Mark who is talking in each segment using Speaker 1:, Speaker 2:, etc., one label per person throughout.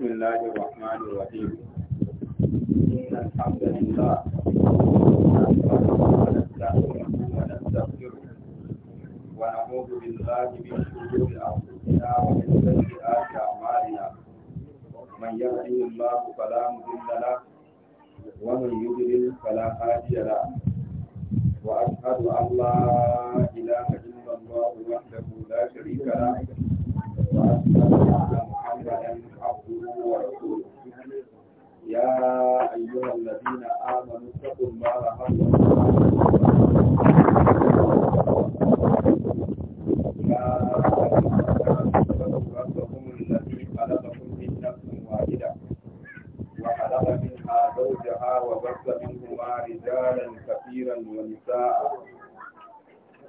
Speaker 1: بسم الله الرحمن الرحيم إن الحمد لله ونستغفره ونعوذ بالله من شرور أنفسنا ومن سيئات أعمالنا من يهده الله فلا مضل له ومن يضلل فلا هادي له وأشهد أن لا إله إلا الله وحده لا شريك له وأشهد أن محمدا عبده ورسوله يا أيها الذين آمنوا اتقوا الله حق ربكم الذي خلقكم من نفس واحدة وخلق منها زوجها وبث منهما رجالا كثيرا ونساء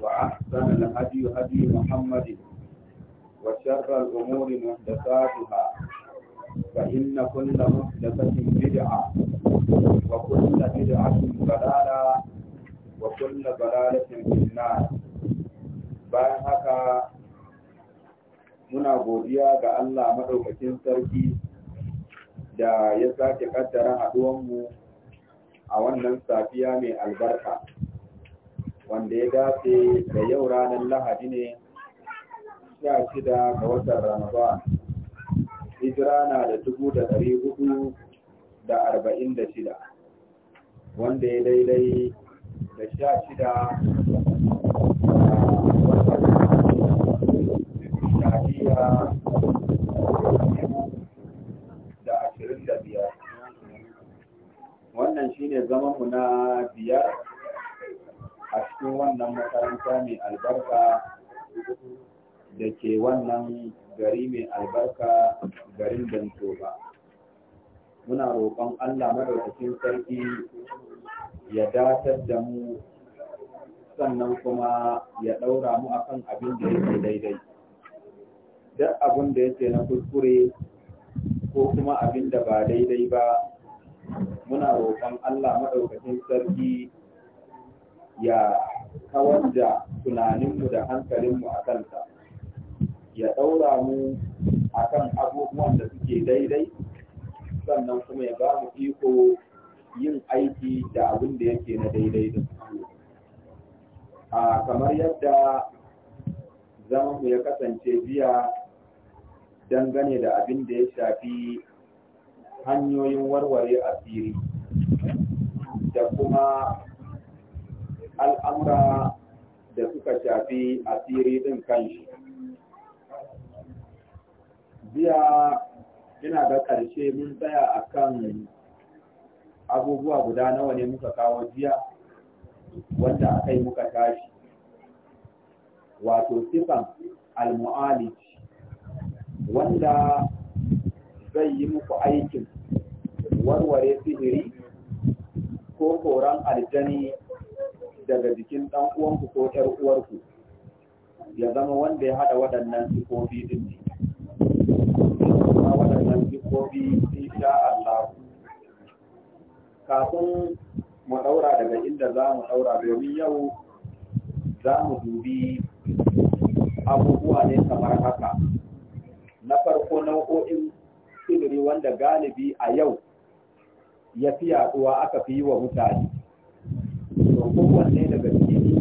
Speaker 1: وأحسن الهدي هدي محمد وشر الأمور محدثاتها فإن كل محدثة بدعة وكل بدعة ضلالة وكل ضلالة في النار bayan haka muna godiya ga Allah maɗaukakin sarki da ya sake kaddara haduwanmu a wannan safiya mai albarka wanda ya dace da yau ranar lahadi ne sha shida ga watan ramadan hijira na da dubu da ɗari hudu da arba'in da shida wanda ya daidai da sha shida da ashirin da biyar wannan shine zamanmu na biyar a cikin wannan makaranta mai albarka da ke wannan gari mai albarka garin Dantoba. Muna roƙon Allah madaukakin sarki ya datar da mu sannan kuma ya ɗaura mu akan abin da yake daidai. Duk abin da yake na kuskure ko kuma abin da ba daidai ba muna roƙon Allah maɗaukacin sarki ya kawar da tunaninmu da hankalinmu a kansa ya ɗaura mu a kan abubuwan da suke daidai sannan kuma ya ba mu iko yin aiki da abin da yake na daidai da su. a kamar yadda mu ya kasance jiya dangane da abin da ya shafi hanyoyin warware asiri da kuma al'amura da suka shafi asiri ɗin kanshi. Jiya ina da ƙarshe mun tsaya a kan abubuwa guda nawa ne muka kawo jiya wanda aka yi muka tashi. Wato sifan al wanda zai yi muku aikin warware sihiri ko koran aljani daga jikin ɗan uwanku ko ƴar uwarku ya zama wanda ya haɗa waɗannan sifofi din ne waɗannan sifofi insha Allah kafin mu ɗaura daga inda za mu ɗaura domin yau za mu dubi abubuwa ne kamar haka na farko nau'o'in sigiri wanda galibi a yau ya fi yaduwa aka fi yi wa mutane.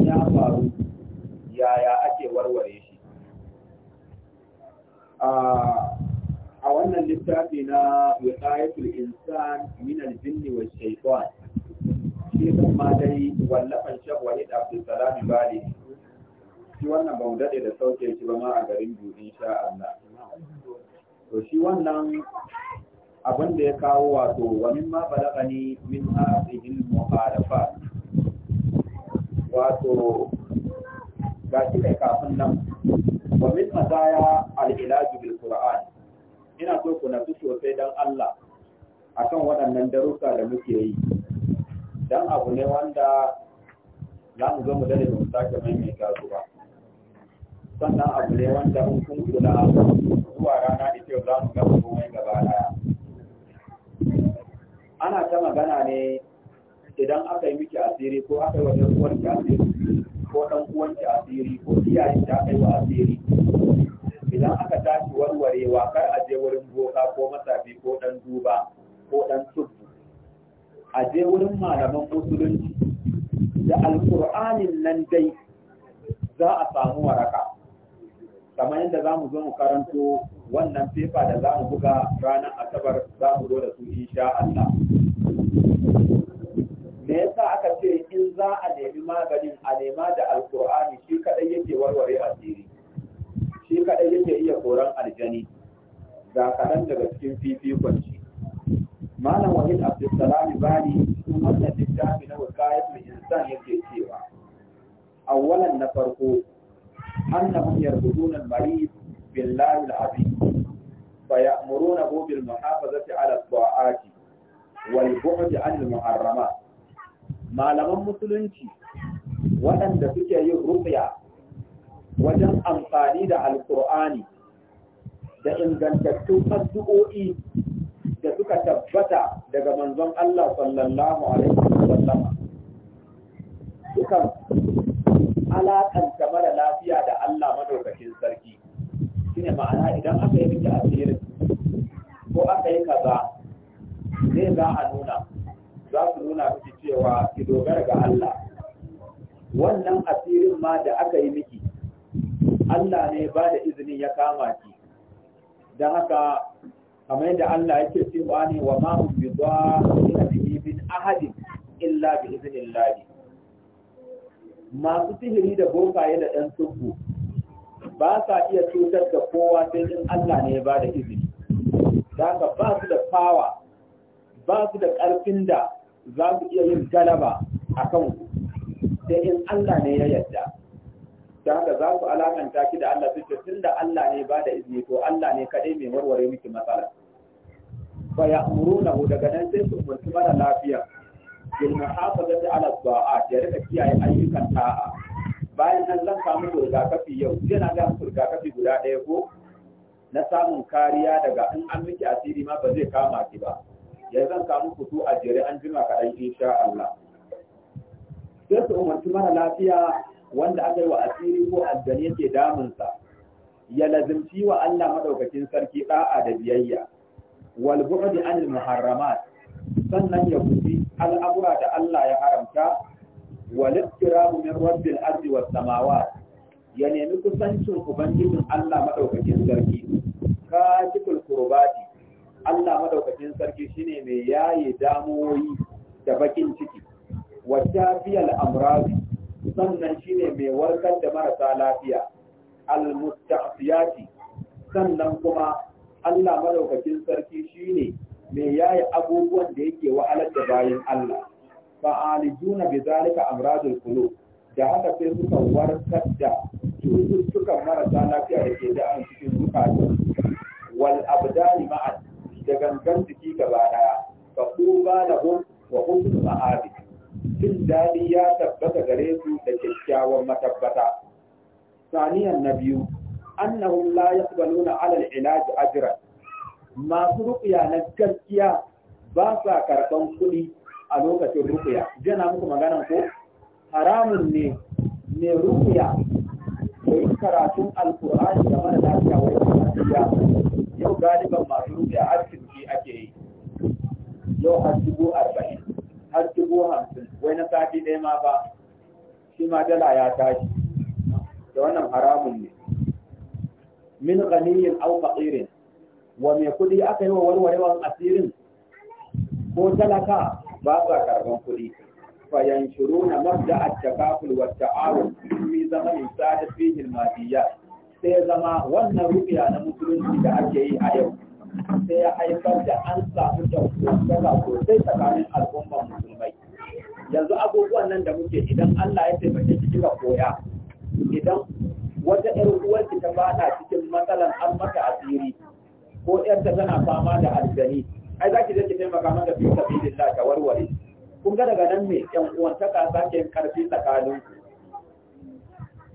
Speaker 1: ya faru yaya ake warware shi a wannan littafi na wiqayatul insan min al jinn wa shaytan shi kuma dai wallafan Sheikh walid Abdul Salam Bali shi wannan ba mu da sauke shi ba ma a garin Budi insha Allah to shi wannan abin da ya kawo wato wa mimma balagani min hadhihi al-muharafat wato ga shi ne kafin nan wa min mazaya al-ilaj bil qur'an ina so ku nasu sosai dan Allah akan waɗannan daruka da muke yi dan abu ne wanda za mu zo mu dade mu sake mai su ba sannan abu ne wanda mun kun kula zuwa rana da kyau za mu gama komai gaba daya ana ta magana ne idan aka yi miki asiri ko aka yi wa ɗan uwanki asiri ko ɗan uwanki asiri ko iyayen ta aka wa asiri idan aka tashi warwarewa kar a je wurin boka ko masafi ko ɗan duba ko ɗan tubu a je wurin malaman musulunci da alƙur'anin nan dai za a samu waraka kamar yadda za mu zo mu karanto wannan fefa da za mu buga ranar asabar za mu zo da su insha Allah maganin a nema da alkur'ani shi kadai yake warware asiri shi kadai yake iya koran aljani ga kaɗan daga cikin fifikon shi malam wahid abdulsalami bani wannan littafi na wakayatul insan yake cewa awwalan na farko annahum yarbuduna al-marid billahi al-azim فيأمرونه بالمحافظة على الطاعات والبعد عن المحرمات malaman musulunci waɗanda suke yin rufiya wajen amfani da alkur'ani da ingantattun addu'o'i da suka tabbata daga manzon Allah sallallahu alaihi wasallam sukan alaƙanta mara lafiya da Allah madaukakin sarki shine ma'ana idan aka yi miki asiri ko aka yi kaza ne za a nuna za su nuna miki cewa ki dogara ga Allah wannan asirin ma da aka yi miki Allah ne ba da izini ya kama ki don haka kamar yadda Allah yake cewa ne wa ma zuwa ina da min ahadin illa bi idhnillah masu sihiri da bokaye da ɗan tubbu ba sa iya cutar da kowa sai in Allah ne ya ba da izini don haka ba su da fawa ba su da ƙarfin da za su iya yin galaba a ku. sai in Allah ne ya yarda da haka za ku alakanta ki da Allah suke tun da Allah ne ba da izini to Allah ne kaɗai mai warware miki matsala fa ya na hu daga nan sai su umarci mara lafiya bil muhafazati ala ba'a ya rika kiyaye ayyukan ta'a bayan nan zan samu rigakafi yau yana da rigakafi guda ɗaya ko na samun kariya daga in an miki asiri ma ba zai kama ki ba yanzu zan kama kutu a jere an jima kaɗan insha Allah sai su umarci mara lafiya wanda aka yi wa asiri ko aljani yake damunsa ya lazimci wa Allah madaukakin sarki da'a da biyayya wal bu'di anil muharramat sannan ya guji al'amura da Allah ya haramta wal ittirabu min rabbil ardi was samawat ya nemi kusancin ubangijin Allah madaukakin sarki katiful qurbati Allah madaukakin sarki shine mai yaye damuwoyi da bakin ciki Wata shafiyal Amurazi sannan shine mai warkar da marasa lafiya al mustafiyati sannan kuma Allah madaukakin sarki shine mai yayi abubuwan da yake wahalar da bayan Allah fa'alijuna bi zalika amradul Kulu da haka sai suka warkar da cututtukan marasa lafiya da ke da'an cikin zukatan wal abdani da gangan jiki gaba daya fa quba lahum wa husnul ma'abi jin daɗi ya tabbata gare su da kyakkyawan matabbata saniyan na biyu annahum la yaqbaluna ala al-ilaj ajran masu ruqya na gaskiya ba sa karban kuɗi a lokacin ruqya jana muku magana ko haramun ne ne ruqya yayin karatun alqur'ani da mara lafiya wai lafiya yau galiban masu ruqya har ake yi yau har dubu arba'in har dubu hamsin wai na sati ɗaya ma ba shi ma dala ya tashi da wannan haramun ne min ganiyin au faqirin wa mai kuɗi aka yi wa warwarewan asirin ko talaka ba sa karban kuɗi fa yanshuruna mabda at-takaful wa ta'awun fi zamanin sada fihi madiyya sai zama wannan rubiya na musulunci da ake yi a yau sai ya haifar da an samu kyautuka sosai tsakanin al'ummar musulmai yanzu abubuwan nan da muke idan Allah ya taimake ki kika koya idan wata ƴar uwarki ta bada cikin matsalan an mata asiri ko 'yarta tana fama da aljani ai za ki je ki taimaka mata fi da ta warware kun ga daga nan ne ƴan uwantaka sake karfi tsakaninku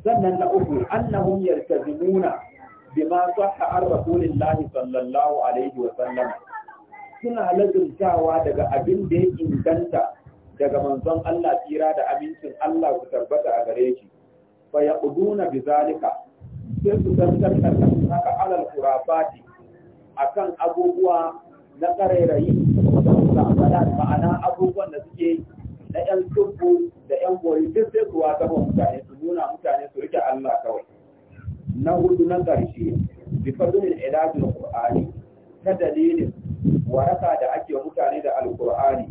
Speaker 1: sannan na uku annahum yaltazimuna bima sahha an rasulillahi sallallahu alaihi wa sallam suna lazumtawa daga abin da ya inganta daga manzon Allah tsira da abincin Allah ku tabbata a gare shi fa yaquduna bizalika sai su tantar karkashin haka alal abubuwa na karairayi da ma'ana abubuwan da suke na 'yan turku da 'yan goyi duk sai kuwa zama mutane su nuna mutane su rike Allah kawai na hudu na ƙarshe bifadulin ilajin qur'ani ta dalilin waraka da ake mutane da alqur'ani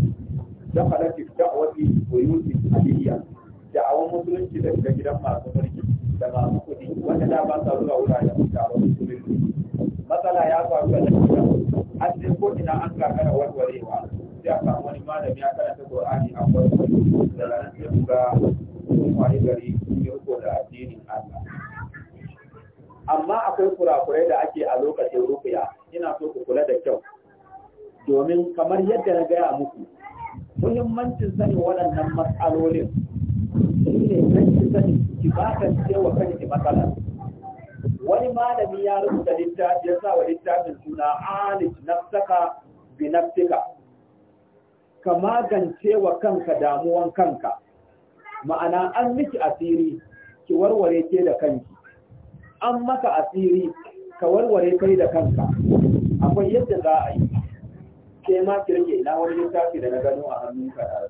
Speaker 1: da halatta da wa yusuf aliyya awon musulunci da gidan masu mulki da masu kuɗi wanda da ba sa zuwa wuraren mutane musulunci matsala ya faru da lafiya an sai ko ina an kakara warwarewa sai a samu wani malami ya karanta qur'ani a farko da ranar ya buga kuma sun gari ya yi da addinin Allah amma akwai kurakurai da ake a lokacin rukuya ina so ku kula da kyau domin kamar yadda na gaya muku muhimmancin sani waɗannan matsalolin shine kanki sani ki baka cewa kanki matsalar wani malami ya rubuta littafi ya sa wa littafin suna alif nafsaka bi nafsika ka magance wa kanka damuwan kanka ma'ana an miki asiri ki warware ke da kanki an maka asiri ka warware kai da kanka akwai yadda za a yi ke ma ki rage ina wani littafi da na gano a hannunka da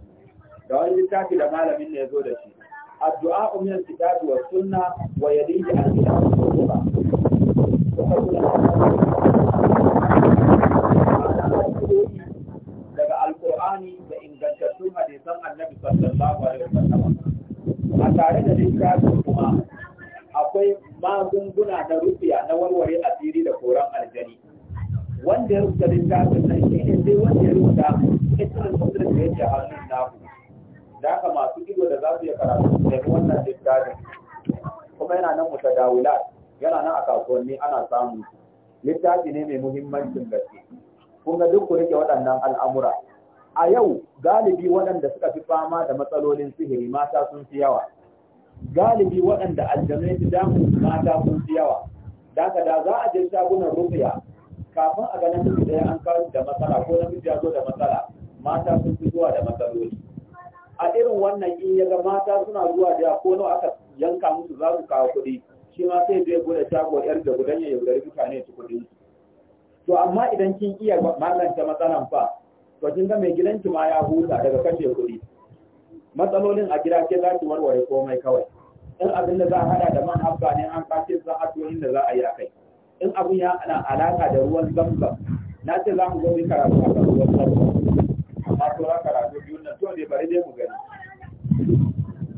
Speaker 1: da wani littafi da malamin ne ya zo da shi addu'a umar kitabi wa sunna wa yadihi al-kitabi daga alkur'ani da ingantattun hadisan annabi sallallahu alaihi wasallam a tare da littafin kuma akwai magunguna na rufiya na warware asiri da koran aljani wanda ya rubuta littafin nan shi ne sai wanda ya rubuta kitan mutum da yake hannun naku da haka masu ido da za su iya karatu da wannan littafin kuma yana nan mutadawilat yana nan a kasuwanni ana samu littafi ne mai muhimmancin gaske kun ga duk ku rike waɗannan al'amura a yau galibi waɗanda suka fi fama da matsalolin sihiri mata sun fi yawa galibi waɗanda aljanai su damu mata sun fi yawa daga da za a je shagunan rufiya kafin a ganin namiji ɗaya an kawo da matsala ko na ya zo da matsala mata sun fi zuwa da matsaloli a irin wannan in ya ga mata suna zuwa da ko nawa aka yanka musu za su kawo kuɗi shi ma sai zai gode shago yar da gudan ya yaudari mutane su kuɗi to amma idan kin iya magance matsalan fa to kin ga mai gidanki ma ya huta daga kashe kuɗi matsalolin a gida ke za ki warware komai kawai in abin da za a hada da man abba ne an kace za a tuwa inda za a yi akai in abin ya ana alaka da ruwan zamzam na ce za mu zo mu karatu a kan ruwan zamzam amma sauran karatu biyu nan to ne bari dai mu gani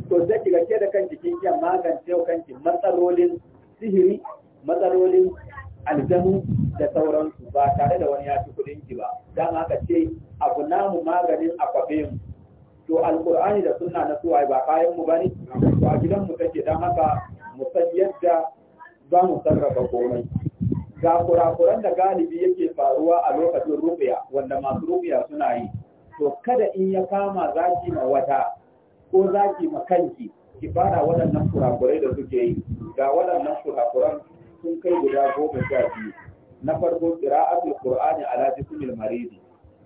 Speaker 1: to sai kiga ke da kanki kin kiyan magance kanki matsalolin sihiri matsalolin aljanu da sauransu ba tare da wani ya fi ki ba dan haka ce abu namu maganin akwabe mu to alkur'ani da sunna na ai ba kayan mu bane to a gidan mu take dan haka mu san yadda za mu sarrafa komai ga kurakuran da galibi yake faruwa a lokacin rubiya wanda masu rubiya suna yi to kada in ya kama zaki ma wata ko zaki ma kanki ki fara waɗannan kurakurai da suke yi ga waɗannan kurakuran sun kai guda goma sha biyu na farko qira'atul qur'ani ala jismil maridi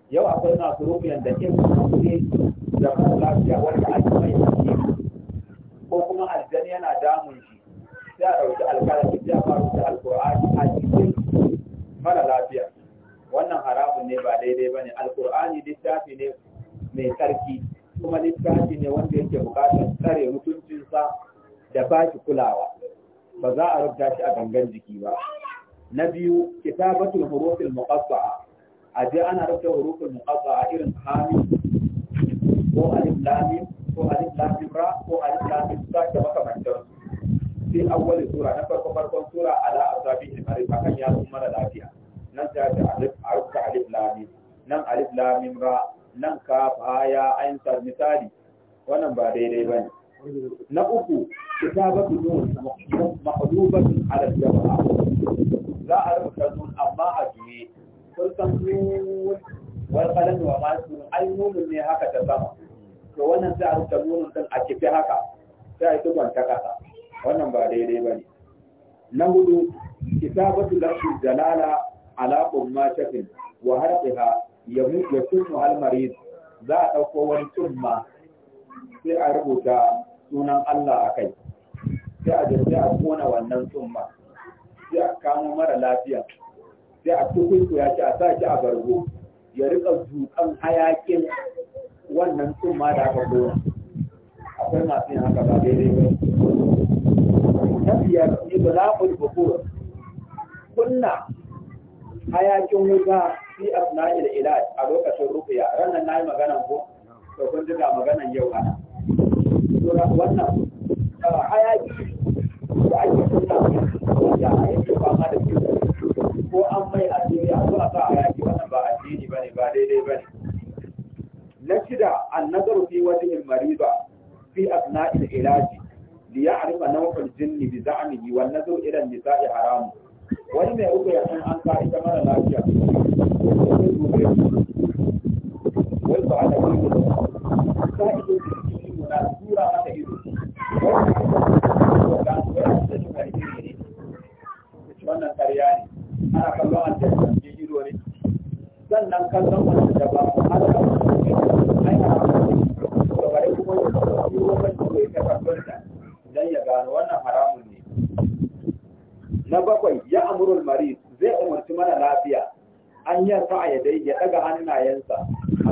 Speaker 1: yau akwai masu rubiyan da ke lafiya wanda ake mai ko kuma aljani yana damun shi sai a ɗauki alƙalami ya faru da alƙur'ani a cikin mara lafiya wannan haramun ne ba daidai ba ne alƙur'ani littafi ne mai tsarki kuma littafi ne wanda yake buƙatar tsare mutuncinsa da ba shi kulawa ba za a rubuta shi a gangan jiki ba na biyu kitabatul hurufil muqatta'a a ana rubuta hurufil muqatta'a irin hamid alifin ra ko alifin sa da makamantar sai awwali sura na farko farkon sura ala azabi ne mare akan ya sun mara lafiya nan ta da alif aruf ka alif lam nan alif lam mim ra nan ka fa ya ain sar misali wannan ba daidai bane na uku kitabatu nun maqdubatun ala jabra za a rubuta nun amma a juye sun san nun wal qalam wa ma sun ai nun ne haka ta sama to wannan sai a rubuta nonon ɗin a kifi haka sai a yi tuban ta ƙasa wannan ba daidai ba ne na hudu kitabatu lafi dalala ala ummatatin wa harqiha ya mutu ya almarid za a ɗauko wani tumma sai a rubuta sunan Allah a kai sai a jirgi a kona wannan tumma sai a kamo mara lafiya sai a tukunku ya ci a sa shi a bargo ya rika zuƙan hayakin wannan sun ma da aka gona akwai masu yin haka ba daidai ba na biyar ni ba za ku bukur kunna hayakin wuta fi ila ila a lokacin rufiya ranar na yi maganan ko to kun ji ga maganan yau ana wannan hayaki da ake kunna da ake fama da ko an mai addini a zuwa sa hayaki wannan ba addini ba ne ba daidai ba ne na shida annazaru fi wajhi al mariba fi asna'i al-ilaj li ya'rifa nawfa al-jinn bi za'mihi wan nazaru ila nisa'i haram wani mai uku ya san an kai ita mara lafiya wai ba da wani ne ta ido da cikin mu na tura mata ido wannan karya ne ana kallon aljanna ne ido ne sannan kallon wani da ba ku har da wani da bari kuma ya yi wani da ya tabbatar da dan ya gano wannan haramun ne na bakwai ya amurul marid zai umarci mana lafiya an yarfa a yadai ya daga hannayensa a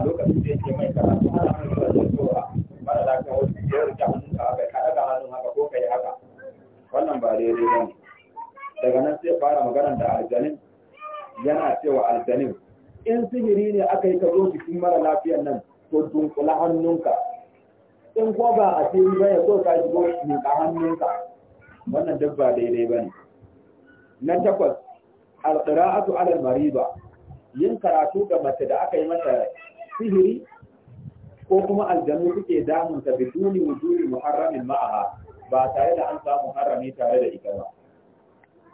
Speaker 1: lokacin da ya ke mai karatu ana mai karatu tsoka mara lafiya wasu ya rike hannunka a kai ka daga hannun haka ko ka yi haka wannan ba daidai ba ne daga nan sai fara maganar da aljanin yana cewa aljanin in sihiri ne aka yi ka zo jikin mara lafiyar nan to dunkula hannunka in ko ba a ce ba ya so ka shigo ka hannunka wannan duk ba daidai ba ne na takwas alƙira'atu al mariba yin karatu ga mace da aka yi mata sihiri ko kuma aljanu suke ta biduni wujuri muharramin ma'aha ba tare da an samu harami tare da ita ba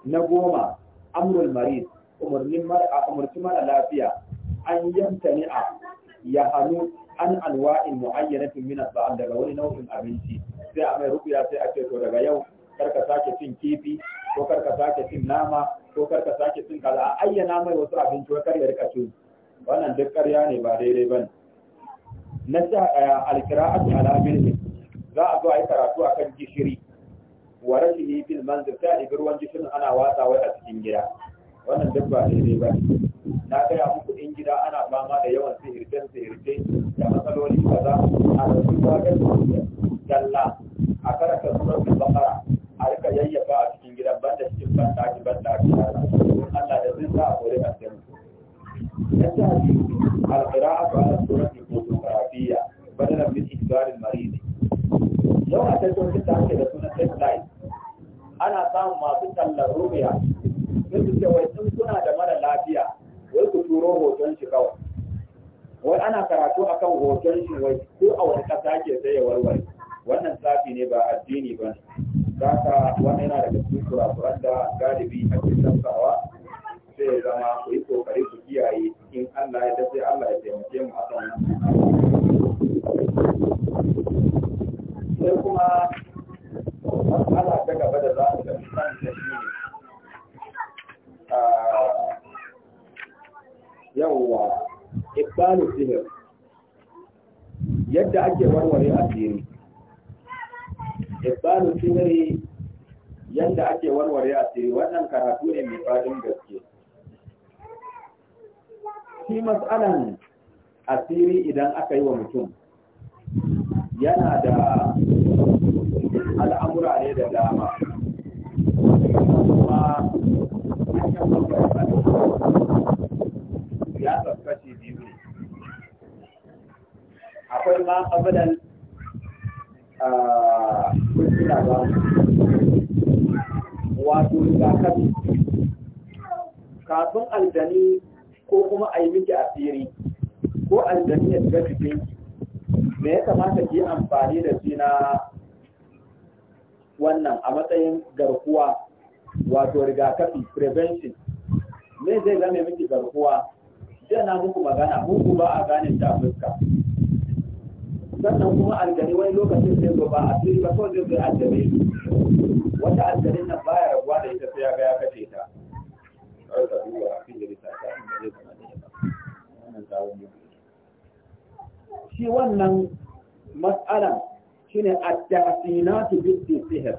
Speaker 1: na goma amrul marid umarnin mara a umarci mara lafiya an ni a ya hannu an anwa'in muayyanatin min ba'an daga wani nau'in abinci sai a mai rubuya sai a ce to daga yau karka sake cin kifi ko karka sake cin nama ko karka sake cin kaza a ayyana mai wasu abinci wa karya rika cin wannan duk karya ne ba daidai bane na sha daya a ala bilhi za a zo a yi karatu akan gishiri wa rashin yi bil manzil sai a ɗibi ruwan gishirin ana wai a cikin gida wannan duk ba daidai ba na gaya muku in gida ana fama da yawan sihirten sihirte da matsaloli kaza a ɗauki da, dalla a karanta suratul bakara a rika yayyafa a cikin gidan banda cikin banda ki banda ki Allah da zai sa a kore a cikin yadda ake alqira'atu ala suratul qur'aniyya badala min isgarin marini. yau a tattaunin da ke da sunan deadline ana samun masu tallar rubiya sai su ce wai in kuna da mara lafiya wai ku turo hoton shi kawai wai ana karatu akan hoton shi wai ko a wani kasa ke sai ya warware wannan tsafi ne ba addini ba ne haka wani yana daga cikin kurakuran da galibi ake tafsawa sai ya zama ku yi kokari ku kiyaye in Allah ya dace Allah ya taimake mu a kan sai kuma matsala ta gaba da za mu ga shi ne Ah, yawwa ibtalu sihir yadda ake warware asiri ibtalu sihir yadda ake warware asiri wannan karatu ne mai fadin gaske shi mas'alan asiri idan aka yi wa mutum yana da al'amura ne da dama ya tsafface biyu ne akwai ma abadan wato rigakafi kafin aljani ko kuma a yi miki asiri ko aljani ya shiga jikin me ya kamata ki amfani da zina wannan a matsayin garkuwa wato rigakafi prevention me zai zame miki garkuwa jiya na muku magana muku ba a gane ta fuska sannan kuma algari wani lokacin sai ba a ba kaso zai zai aljare wata aljarin nan baya rabuwa da ita sai ya ga ya kace ta shi wannan matsalan shine at-tahsinatu bi sihir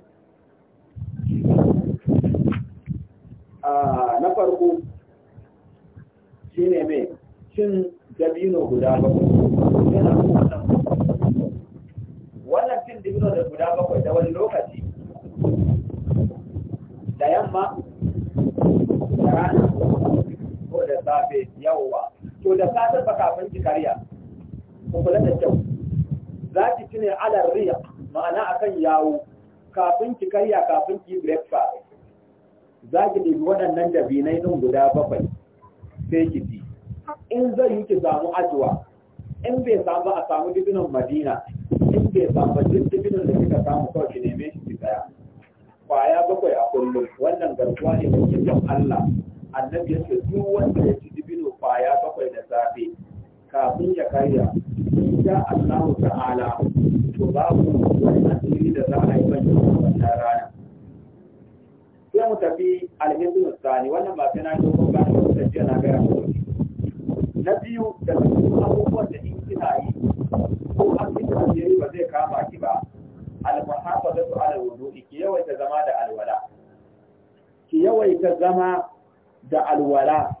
Speaker 1: na farko shi ne mai cin dabino guda bakwai yana wannan wannan cin dabino da guda bakwai da wani lokaci da yamma da rana ko da safe yawwa to da safe ba kafin ki karya ko kula da kyau za ki cine ne alar riya ma'ana akan yawo kafin ki karya kafin ki breakfast za ki ɗibi waɗannan dabinai ɗin guda bakwai sai ki fi. in zai yi ki samu ajiwa in bai samu a samu dibinan madina in bai samu duk dibinan da kika samu kawai ki neme shi ki tsaya kwaya bakwai a kullum wannan garkuwa ne mai kitan Allah annabi ya ce duk wanda ya ci dibino kwaya bakwai da safe kafin ya karya ya Allah ta'ala to babu wani asiri da za a yi ban wannan rana sai mu tafi alhindu sani wannan ba sai na ce ko na ko da jiya na ga rawo na biyu da cikin abubuwan da in kina yi ko an cikin jeri ba zai kama ki ba al-muhafazatu ala wudu ki yawaita zama da alwala ki ta zama da alwala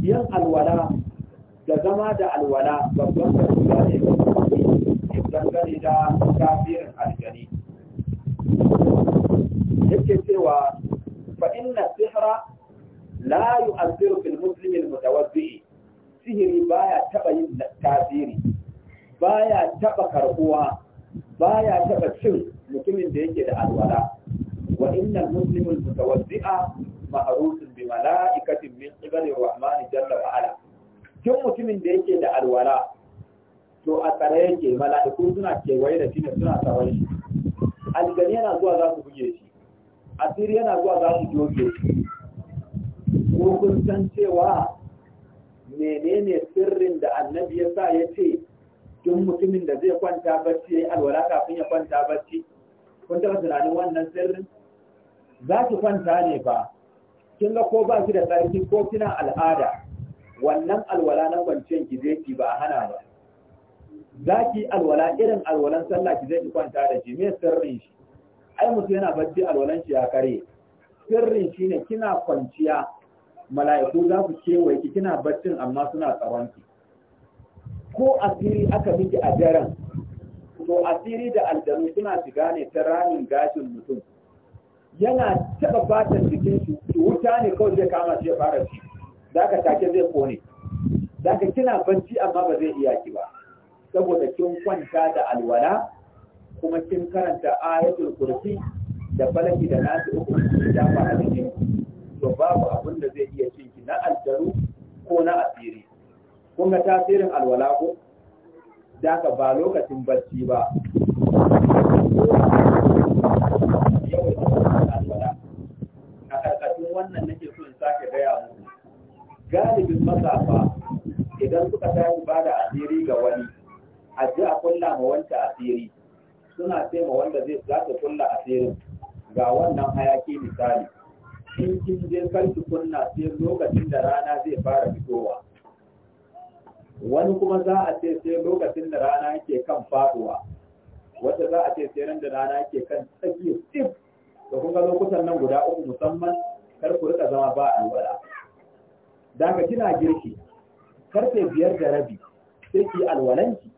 Speaker 1: yin alwala da zama da alwala babban kasuwa ne ga dangane da kafirin aljani yake cewa fa inna sihra la yu'athiru fil muslim al mutawaddi sihiri baya taba yin tasiri baya taba karbuwa baya taba cin mutumin da yake da alwala wa inna al muslim al-mutawazzi'a ma'ruf bi mala'ikatin min qibali ar-rahman jalla wa ala kin mutumin da yake da alwala to a tsare yake mala'iku suna kewaye da shi ne suna tsawon shi aljani yana zuwa za su buge shi asiri yana zuwa za su doge ko kun cewa menene sirrin da annabi ya sa ya ce duk mutumin da zai kwanta bacci ya yi alwala kafin ya kwanta bacci kun taɓa tunanin wannan sirrin za su kwanta ne ba kin ga ko ba shi da tsarki ko kina al'ada wannan alwala na kwanciyar ki zai ki ba a hana ba za ki alwala irin alwalan sallah ki zai ki kwanta da shi me sirrin shi ai mutum yana bacci alwalan shi ya kare sirrin shine kina kwanciya mala'iku za su kewaye ki kina baccin amma suna tsaron ki ko asiri aka miki a daren to asiri da aljanu suna shiga ne ta ramin gashin mutum yana taba fatan jikin shi wuta ne kawai zai kama shi ya fara shi zaka take zai kone zaka kina barci amma ba zai iya ki ba saboda kin kwanta da alwala kuma kin karanta ayatul kursi da falaki da nasu uku da ba a cikin to babu abin da zai iya cin na aljaru ko na asiri kun ga tasirin alwala ko da ka ba lokacin barci ba a karkashin wannan nake so in sake gaya muku galibin matsafa idan suka tashi ba da asiri ga wani a ji a kulla ma wancan asiri suna ce ma wanda zai za ta a asirin ga wannan hayaki misali in kin je karki kunna sai lokacin da rana zai fara fitowa wani kuma za a ce sai lokacin da rana yake kan faduwa wata za a ce sai ran da rana yake kan tsakiya tip da kun ga lokutan nan guda uku musamman kar ku rika zama ba alwala da ka kina girki karfe biyar da rabi sai ki alwalanki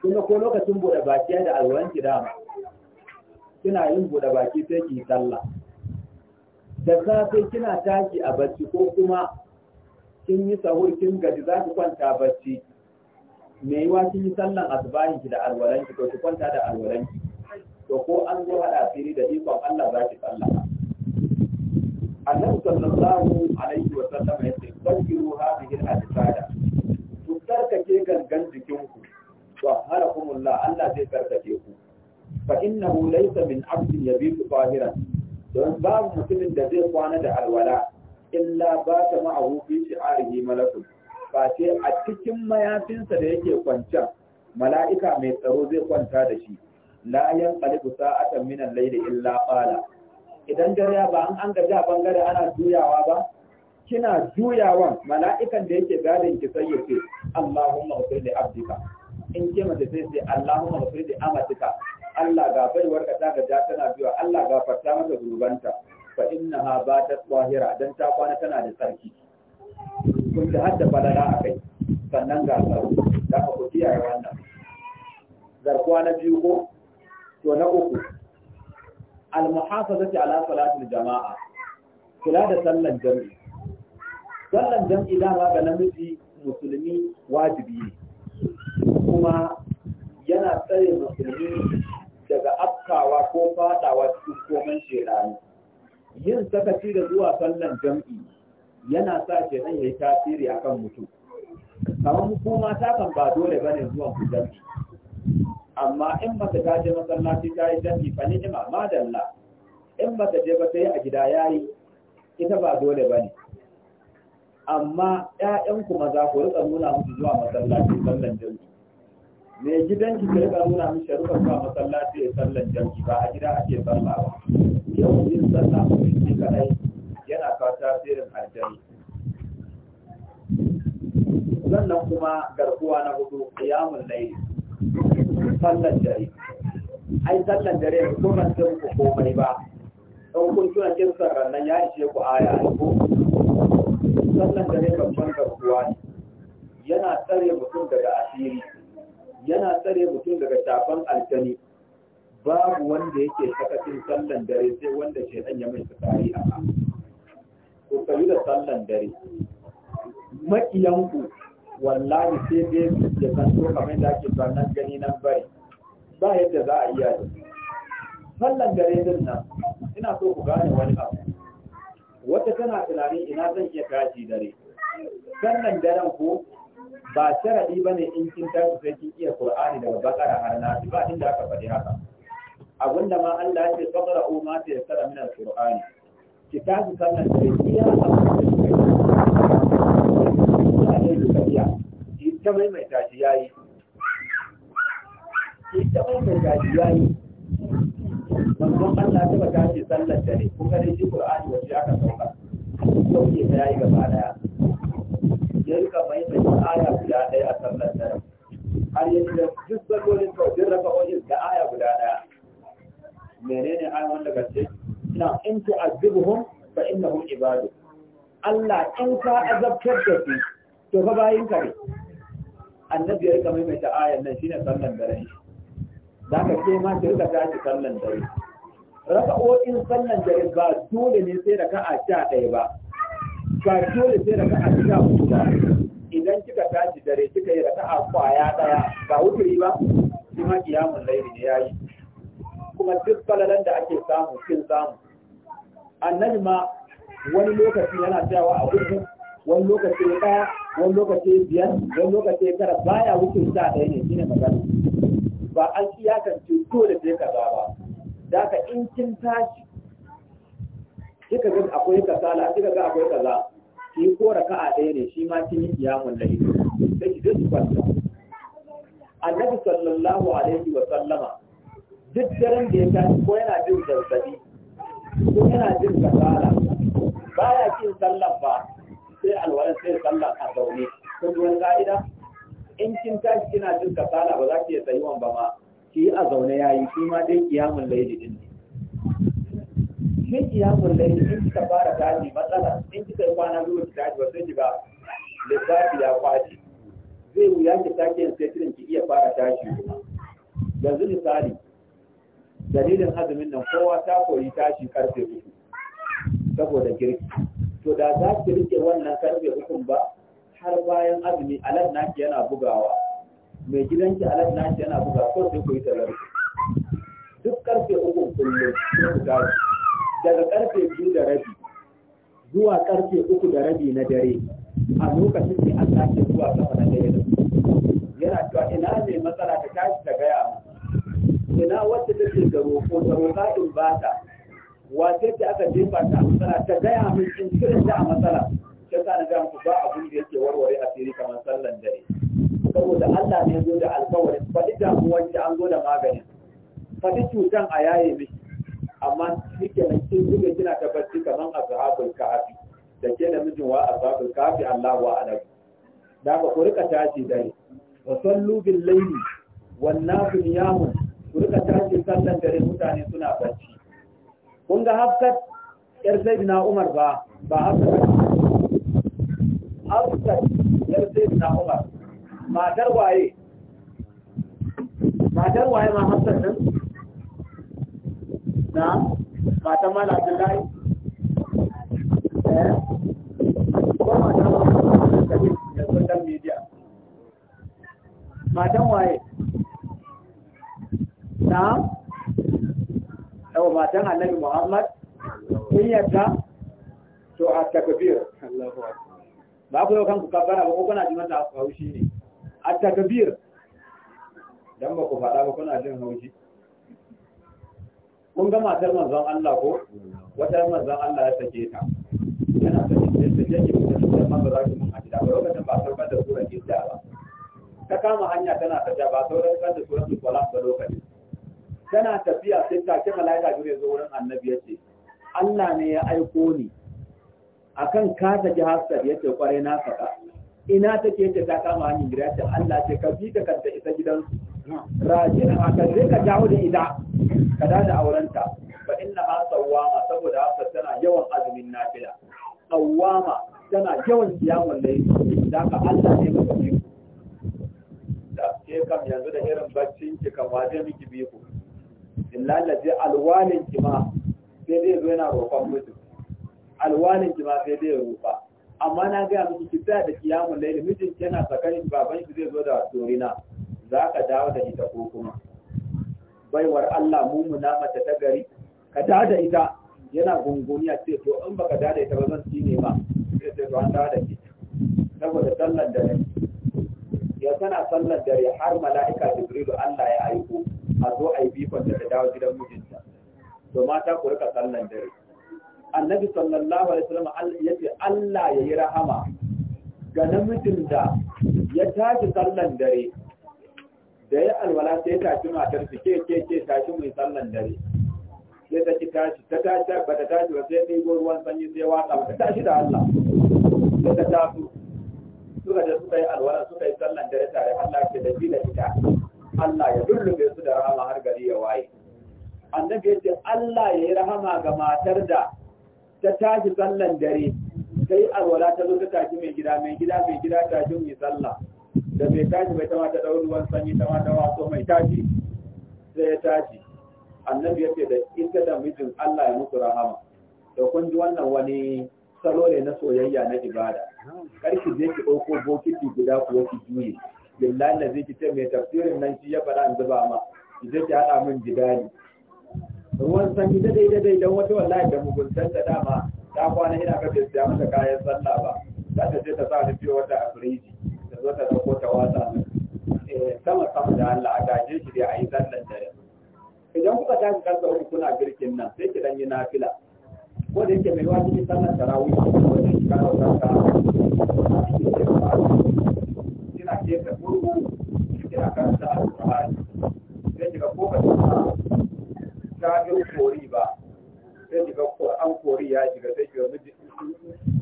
Speaker 1: kuma ko lokacin buɗe baki da alwan kidama dama kina yin buɗe baki sai ki sallah da safe kina tashi a bacci ko kuma kin yi sahur kin gaji za ki kwanta bacci me yiwa kin yi sallan asubahin ki da alwalan ki ko ki kwanta da alwalan ki to ko an zo hada fili da ikon Allah za ki sallama Allah sallallahu alaihi wa sallam ya ce tsakiru hadhihi al-ajsada ku tarkace gangan jikinku طهركم Allah! Allah zai karkace ku fa innahu laysa min abdin yabiqu tahiran don babu mutumin da zai kwana da alwala illa ba ta ma'ahu fi shi'arihi malakun ba ce a cikin mayafinsa da yake kwanciya mala'ika mai tsaro zai kwanta da shi la qalibu sa'atan min al-layli illa qala idan dare ba an an gaja bangare ana juyawa ba kina juyawan mala'ikan da yake gadin ki sai yace Allahumma ghfir li abdika in ke mace sai sai Allahumma sai li amatika Allah ga baiwar ka ga ja tana biyu. Allah ga farta mata zunubanta fa innaha ta tsahira dan ta kwana tana da sarki kun da hadda balala akai sannan ga tsaro da ka ku kiyaye wannan garkuwa na biyu ko to na uku al-muhafazati ala salatil jama'a kula da sallan jami'i sallan jami'i dama ga namiji musulmi wajibi ne kuma yana tsare musulmi daga afkawa ko fadawa cikin koman shedani yin sakaci da zuwa sallan jam'i yana sa ya yi tasiri akan mutum kamar hukuma ta kan ba dole ne zuwan ku jam'i amma in ba ta je masallaci ta yi jam'i fa ni'ima madalla in ba ta je ba sai a gida ya yi. ita ba dole ba ne. amma ƴaƴanku maza ku rika nuna musu zuwa masallaci sallan jam'i mai gidan ki sai da muna mishi rufa ka masallaci ya sallan jam'i ba a gida ake sallah ba yau yin sallah ko shi kadai yana kawo tasirin aljani sannan kuma garkuwa na hudu qiyamul layl sallan dare ai sallan dare ko ban san ku komai ba don kun tuna kirsan nan ya ishe ku aya ko sallan dare babban garkuwa ne yana tsare mutum daga asiri yana tsare mutum daga shafan alkani babu wanda yake sakacin sallan dare sai wanda ke ya mai tsari a ba ku kayi da sallan dare makiyanku wallahi sai dai ya zanto kamar da ake ba nan gani nan bari ba yadda za a iya da sallan dare din nan ina so ku gane wani abu wata tana tunanin ina zan iya tashi dare
Speaker 2: sannan daren
Speaker 1: ko ba ba ne in kin tashi sai kin iya Qur'ani daga Bakara har na ba inda aka faɗi haka abinda ma Allah ya ce faqra'u ma tayassara min al-Qur'ani ki tashi sannan sai iya ta maimaita shi yayi ita maimaita shi yayi Wannan Allah ta bata ce sallar dare kun ga dai Qur'ani wace aka sauka sauke ta yayi gaba daya ya rika mai da aya guda ɗaya a sallar dare har ya da duk sallolin ka duk raka'o'in da aya guda ɗaya menene aya wanda ka ce ina in tu'azzibuhum fa innahum ibadu Allah in ka azabtar da su to fa bayin ka ne annabi ya rika maimaita ayan nan shine sallan dare za ka ce ma ki rika tashi sallan dare raka'o'in sallan dare ba dole ne sai raka'a sha ɗaya ba ba dole sai da ka'a shiga uku ba idan kika tashi dare kika yi da ka'a kwaya daya ba wuturi ba shi ma kiyamun laifi ne yayi kuma duk falalan da ake samu kin samu annabi ma wani lokaci yana tsayawa a gudu wani lokaci ya daya wani lokaci biyar wani lokaci ya tara baya wuce sha ɗaya ne shine magana ba an iyakance dole sai kaza ba da in kin tashi kika ga akwai kasala kika ga akwai kaza ki ko raka'a ɗaya ne shi ma kin yi kiyamun layl sai ki dace kwanta annabi sallallahu alaihi wa sallama duk daren da ya tashi ko yana jin zazzabi ko yana jin kasala baya kin sallan ba sai alwaran sai sallan a zaune kun ruwan ka'ida in kin tashi kina jin kasala ba za ki iya tsayuwan ba ma ki yi a zaune yayi shi ma dai kiyamun layl din ne ke kiyamun da in kika fara daji matsala in kika kwana zuwa ki daji ba sai ki ba lissafi ya kwaci zai wuya ki sake yin setirin ki iya fara tashi kuma yanzu misali dalilin azumin nan kowa ta koyi tashi karfe uku saboda girki to da za ki rike wannan karfe ukun ba har bayan azumi alal naki yana bugawa mai gidanki alal naki yana bugawa ko sai ku yi talar duk karfe ukun kullum sai ku tashi daga karfe biyu da rabi zuwa karfe uku da rabi na dare a lokacin da an ke zuwa sama na dare da yana cewa ina ne matsala ta tashi ta gaya mu ina wacce take da roƙo ta roƙa in ba ta wace ce aka jefa ta a matsala ta gaya min in kirin ta a matsala ta sa na gaya ba abin da yake warware asiri kamar sallan dare saboda Allah ne zo da alfawarin, faɗi damuwar an zo da maganin faɗi cutan a yaye miki amma shike nan kin zuge kina tabbaci kaman azhabul kafi da ke namijin wa azhabul kafi Allah wa alaku da ka ku rika tashi dare wa sallu bil layli wan nasu yamu ku rika tashi sallan dare mutane suna bacci kun ga hafsat yar sayyidina Umar ba ba hafsat hafsat yar sayyidina Umar matar waye matar waye ma hafsat din na matan mala abdullahi eh? ko matan mala da social matan waye na yau matan annabi muhammad sun yadda to a takbir ba ku yau kanku kabbara ba ko kuna ji da haushi ne a takbir Don ba ku faɗa ba kuna jin haushi kun ga matar manzon Allah ko wata manzon Allah ya sake ta yana da ta da yake da man ba za ki mun a gida ba lokacin ba saukar da sura da ba ta kama hanya tana tafiya ba saukar da sura al-qalam ba lokacin tana tafiya sai ta ce malaika jure zo wurin annabi ce Allah ne ya aiko ni akan ka ta ji hasad yace kware na faɗa ina take yadda ta kama hanyar gida ta Allah ce ka bi ta kanta ita gidansu rajin a kan ka jawo da ita kada da aurenta fa inna ma sawama saboda haka tana yawan azumin nafila sawama tana yawan siyamun da yake da ka Allah ne maka biyu da ke kam yanzu da irin baccin ki kan waje miki biyu illa lazi alwalin ki ma sai dai zo yana roƙon mutum alwalin ki ma sai dai roƙa amma na ga miki ki tsaya da kiyamun laili mijin yana tsakanin baban ki zai zo da dorina za ka dawo da ita ko kuma baiwar Allah na mata ta gari ka da ita yana gunguniya ce to in baka da ita ba zan ne ma sai ce to an da ki saboda sallar dare ya tana sallar dare har mala'ika Jibril Allah ya aiko a zo a yi bifan da ta dawo gidan mijinta to mata ku rika sallar dare annabi sallallahu alaihi wasallam ya ce Allah ya yi rahama ga namijin da ya tashi sallan dare da ya alwala sai tashi matar su ke ke ke tashi mai sallan dare sai ta ci tashi ta tashi ba ta tashi ba sai ɗigo ruwan sanyi sai watsa ba ta tashi da Allah sai ta tafi suka da suka yi alwala suka yi sallan dare tare Allah ke da da ita Allah ya lullube su da rahama har gari ya waye annabi ya ce Allah ya yi rahama ga matar da ta tashi sallan dare sai alwala ta zo ta tashi mai gida mai gida mai gida tashi mai sallah da mai tashi mai tama ta ɗau ruwan sanyi tama ta waso mai tashi sai ya tashi annabi ya ce da ita da mijin Allah ya musu rahama da kun ji wannan wani salo ne na soyayya na ibada karki je ki ɗauko bokiti guda kuwa ki juye billahi na zai ki ce mai tafsirin nan shi ya fara an zuba ma ki je ki haɗa min gidani ruwan sanyi da daidai dai don wata wallahi da muguntar da dama ta kwana ina kafin siya mata kayan sallah ba za ta je ta sa ni fiye wata a firiji ta zo ta wasa eh, sama sama da Allah a gaje shi dai a yi sallan dare idan kuka tashi karfe uku kuna girkin nan sai ki dan yi nafila ko da yake mai wa cikin sallan tarawih ko da ka karo kanka kina kefe
Speaker 2: gurgu kina karanta alƙur'ani sai kiga ko ba ta ga kori ba sai kiga ko an kori ya shiga sai kiga mijin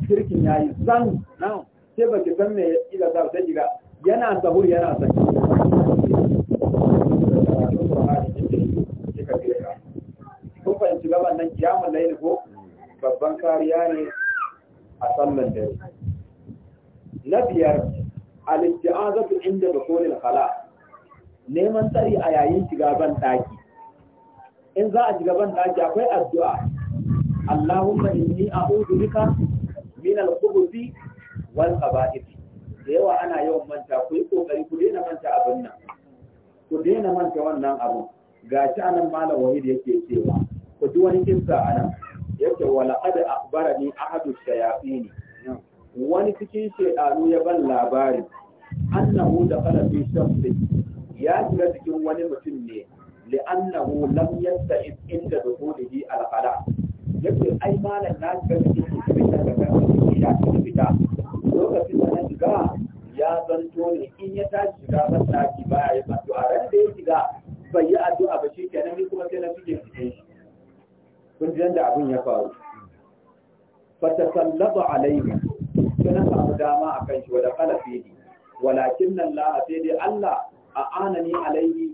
Speaker 1: kirkin yayi zan ta sai ba ki san me ya kila sa sai kiga yana sahur yana san kun fahimci gaban nan kiyamun laili ko babban kariya ne a sallan dare na biyar al-isti'azatu inda dukhulil khala neman tsari a yayin shiga ban daki in za a shiga ban daki akwai addu'a Allahumma inni a'udhu bika min al-khubuthi wal qaba'id da yawa ana yawan manta ku yi kokari ku daina manta abin nan ku daina manta wannan abu Ga gashi anan malam wahid yake cewa ku ji wani kissa anan yake wala qad akhbarani ahadu shayatin wani cikin shedanu ya ban labari annahu da qala fi shakhsi ya shiga cikin wani mutum ne li'annahu lam yasta'id inda duhulihi al-qada yake ai malam na shiga cikin mutum da ka fita lokacin da na shiga ya zanto ne in ya tashi shiga ban daki baya yi addu'a ran da ya shiga bai yi addu'a ba shi kenan ni kuma sai na fige fige shi kun ji yadda abin ya faru fatasallaba alaihi sai na samu dama a kan shi wadda kala fidi walakin nan la sai dai Allah a anani alaihi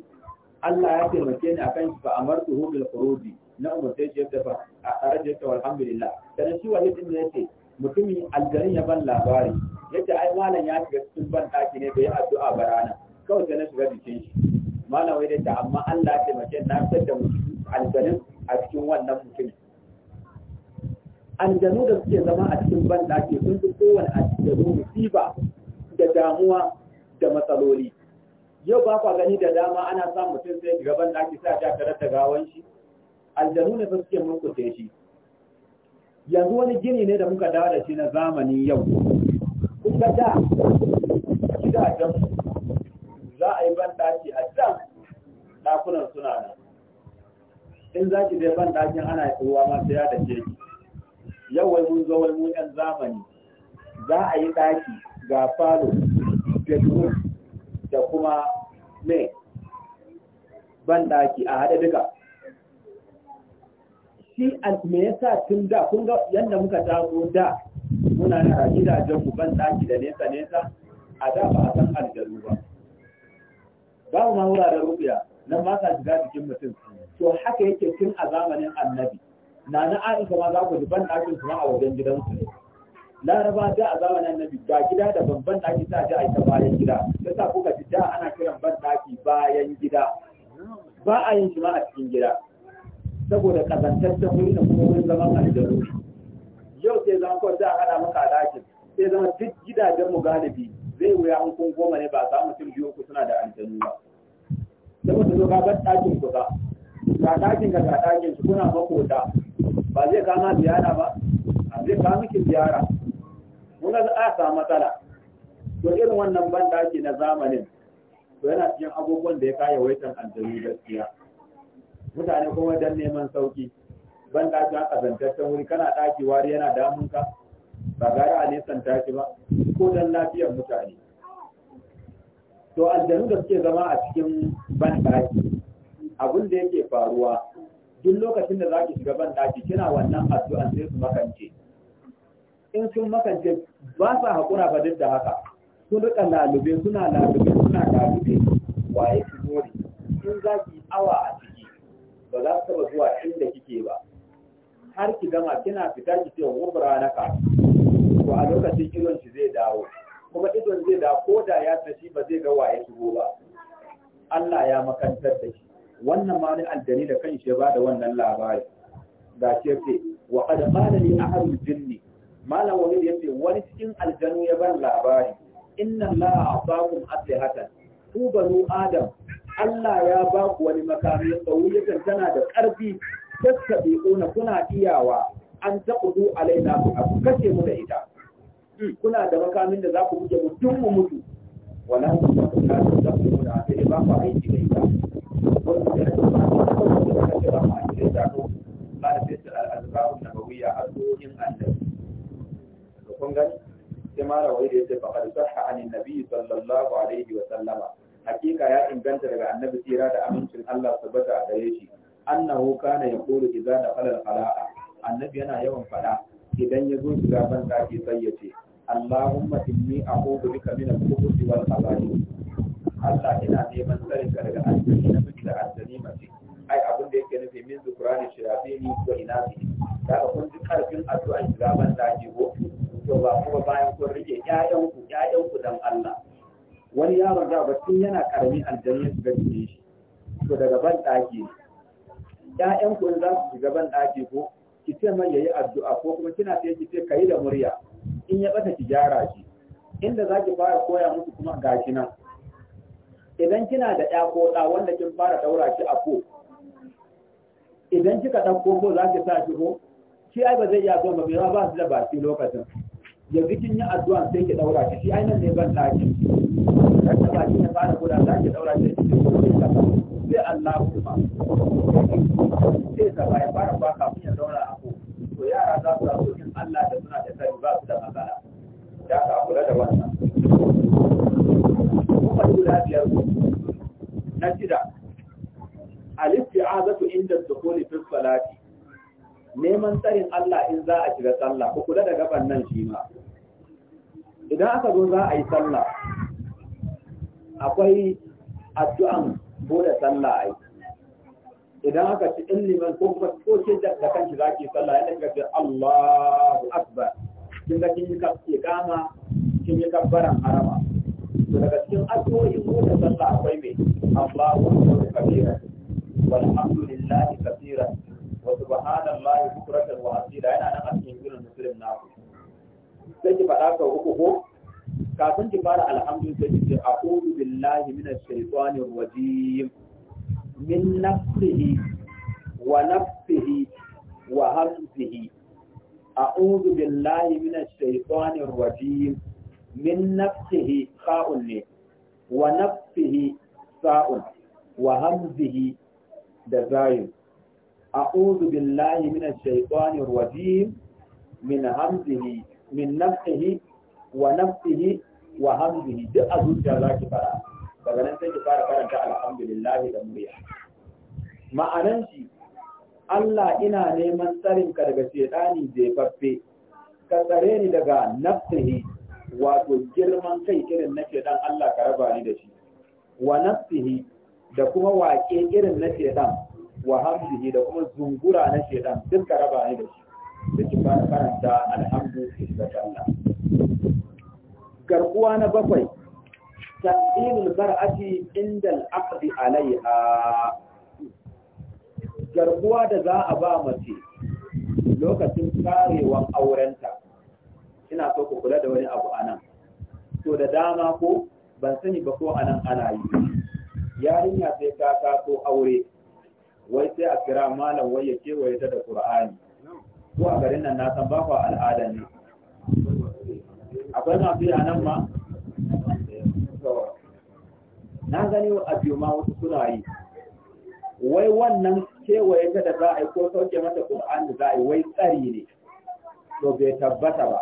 Speaker 1: Allah ya taimake ni a kan shi fa amartuhu bil khuruji na umurtai shi yadda fa a tare da alhamdulillah dan shi wahidin ne yake mutumin aljarin ya ban labari yadda ai malam ya shiga cikin ban daki ne bai addu'a ba rana kawai sai na shiga jikin shi malam wai da amma Allah ya taimake na fitar da aljarin a cikin wannan mutumin aljanu da suke zama a cikin ban daki sun fi kowane aljanu musiba da damuwa da matsaloli yau ba kwa gani da dama ana sa mutum sai ban daki sai a ja da gawan shi aljanu ne fa suke mulkuce shi yanzu wani gini ne da muka dawo da shi na zamani yau kun ga da gidajen za a yi banɗaki a can ɗakunan suna nan in za ki dai banɗakin ana ruwa ma sai ya da ke yau wai mun zo wai mu yan zamani za a yi ɗaki ga falo bedroom da kuma me banɗaki a haɗe duka shi me yasa tun da kun ga yanda muka taso da muna na gidajen mu ban daki da nesa nesa a da ba a san aljaru ba Ba mu ma wuraren rubiya nan ba sa shiga jikin mutum to haka yake tun a zamanin annabi na na aisha ma za ku ban dakin ma a wajen gidansu Na laraba da a zamanin annabi ba gida da babban daki ta ji a ita bayan gida yasa kuka ji da ana kiran ban daki bayan gida ba a yin shi ma a cikin gida saboda kazantaccen wuri da kuma wurin zaman aljanu yau sai zan za a hada maka dakin sai zama duk gidajen mu galibi zai wuya an kun goma ne ba za mutum biyu ku suna da aljanu ba saboda zo ka ɗakin ku ba ga ɗakin ka ga ɗakin su kuna makota ba zai kama ziyara ba zai kama miki ziyara muna za a samu matsala to irin wannan ban ɗaki na zamanin to yana cikin abubuwan da ya kaya waitan aljanu gaskiya mutane kuma dan neman sauki ban ɗakin ƙazantaccen wuri kana ɗaki wari yana damunka ba gara a nesan tashi ba ko dan lafiyar mutane to aljanu da suke zama a cikin ban ɗaki abin da yake faruwa duk lokacin da zaki shiga ban ɗaki kina wannan addu'an sai su makance in sun makance ba sa haƙura ba duk da haka sun rika lalube suna lalube suna lalube waye su more in zaki awa a ciki ba za su zuwa inda kike ba har ki gama kina fita ki ce wubra naka to a lokacin idon shi zai dawo kuma idon zai da ko da ya tashi ba zai ga waye shigo ba Allah ya makantar da shi wannan ma ne aljani da kanshi ya bada wannan labari ga shi ce, wa qad qala li ahli jinni malam wani yace wani cikin aljanu ya ban labari inna allaha atakum aslihatan ku banu adam Allah ya ba ku wani makami ya tana da ƙarfi bai ƙona kuna iyawa an taɓudu alaina ku a ku kashe mu da ita kuna da makamin da za ku buge mu tun mu mutu wala ku ba ku ta da ku da ake ba ku aiki da ita Wani da ake ba ku da ake ba ku aiki da ita ko ba da fitar na azbabun a addu'o'in annabi kun gani sai mara wai da yace faqad sahha anin nabi sallallahu alaihi wa sallama hakika ya inganta daga annabi tsira da amincin Allah tabbata a gare shi annahu kana yaqulu idza dakhala al-qala'a annabi yana yawan fada idan ya zo shiga ban zaki sai ya ce Allahumma inni a'udhu bika min al-khubuth wal khaba'ith Allah ina neman tsarin ka daga annabi na miji da aljani mace ai abin da yake nufi min zukurani ina ne? Da ka kun ji karfin addu'a shiga ban zaki ko to ba kuma bayan kun rike ƴaƴanku ƴaƴanku dan Allah wani yaron ba tun yana karami aljanna su gaske shi to daga ban ɗaki ƴaƴan ku za su shiga ban ɗaki ko ki ce man yayi addu'a ko kuma kina sai ki ce kai da murya in ya bata ki gyara shi inda zaki fara koya musu kuma gashi nan idan kina da ƴa ko ɗa wanda kin fara daura shi a ko idan kika ɗauko ko za ki sa shi ko shi ai ba zai iya zo ba ba su da baki lokacin yanzu kin yi addu'a sai ki ɗaura shi shi ai nan ne ban ɗaki kafin ya fara guda za ki daura shi cikin gobe kafa sai Allah kuma sai gaba ya fara ba kafin ya daura abu to yara za su rasu in Allah da suna da kai ba su da magana. ya ka kula da wannan kuma guda biyar na shida al-isti'azatu inda dukhuli fi salati neman tsarin Allah in za a shiga sallah ku kula da gaban nan shi ma idan aka zo za a yi sallah akwai addu'an bude sallah ai idan aka ci in liman ko kuma ko da kanki zaki sallah ka ce Allahu akbar kin ga kin yi kama kin yi kabbaran harama to daga cikin addu'o'i bude sallah akwai me Allahu akbar kabira walhamdulillahi kabira wa subhanallahi bukratan wa asira. yana nan a cikin gurin na ku sai ki faɗa ka uku ko kafin ki fara alhamdu sai ki ce a'udhu billahi minash shaitanir rajim min nafsihi wa nafsihi wa hamzihi a'udhu billahi minash shaitanir rajim min nafsihi kha'un ne wa nafsihi sa'un wa hamzihi da zayin a'udhu billahi minash shaitanir rajim min hamzihi min nafsihi wa nafsihi wa hamdihi duk a zuciya za ki fara daga nan sai ki fara karanta alhamdulillahi da murya ma'anan shi Allah ina neman tsarin ka daga shedani jefaffe ka tsare ni daga nafsihi wato girman kai irin na shedan Allah ka raba ni da shi wa nafsihi da kuma waƙe irin na shedan wa hamdihi da kuma zungura na shedan duk ka raba ni da shi da ki fara karanta alhamdu garkuwa na bakwai ta'dilul bar'ati inda al alaiha garkuwa da za a ba mace lokacin karewan aurenta ina so ku kula da wani abu anan to da dama ko ban sani ba ko anan ana yi yarinya sai ka kaso aure wai sai a kira malam wai ya kewaye ta da ƙur'ani, ko a garin nan na san ba ku al'adan ne akwai masu a nan ma na gani a biyu wasu suna yi wai wannan kewaye ta da za a yi ko sauke mata Qur'an da za a yi wai tsari ne to bai tabbata ba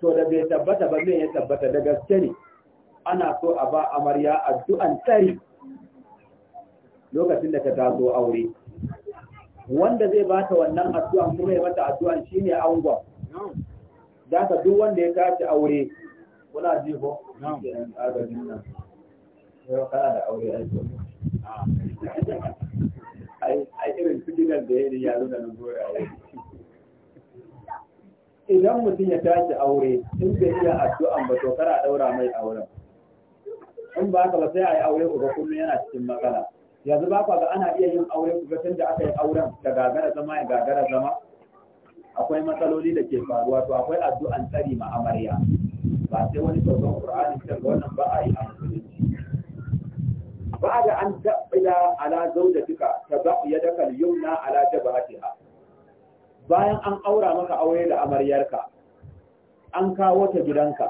Speaker 1: to da bai tabbata ba mai ya tabbata da gaske ne ana so a ba amarya addu'an tsari lokacin da ta taso aure wanda zai bata wannan addu'an kuma ya mata addu'an shine angon da ka duk wanda ya tashi aure kuna ji ko da idan mutum ya tashi aure in bai iya addu'an ba to kana daura mai auren in ba ka ba sai a yi aure ku ga kullum yana cikin matsala yanzu ba ga ana iya yin aure ku ga da aka yi auren da gagara zama ya gagara zama akwai matsaloli da ke faruwa to akwai addu'an tsari ma amarya ba sai wani sauran qur'ani kan wannan ba a yi a musulunci ba da an tabbila ala zaujatika tabaq yadaka daka yumna ala jabatiha bayan an aura maka aure da amaryarka an kawo ta gidanka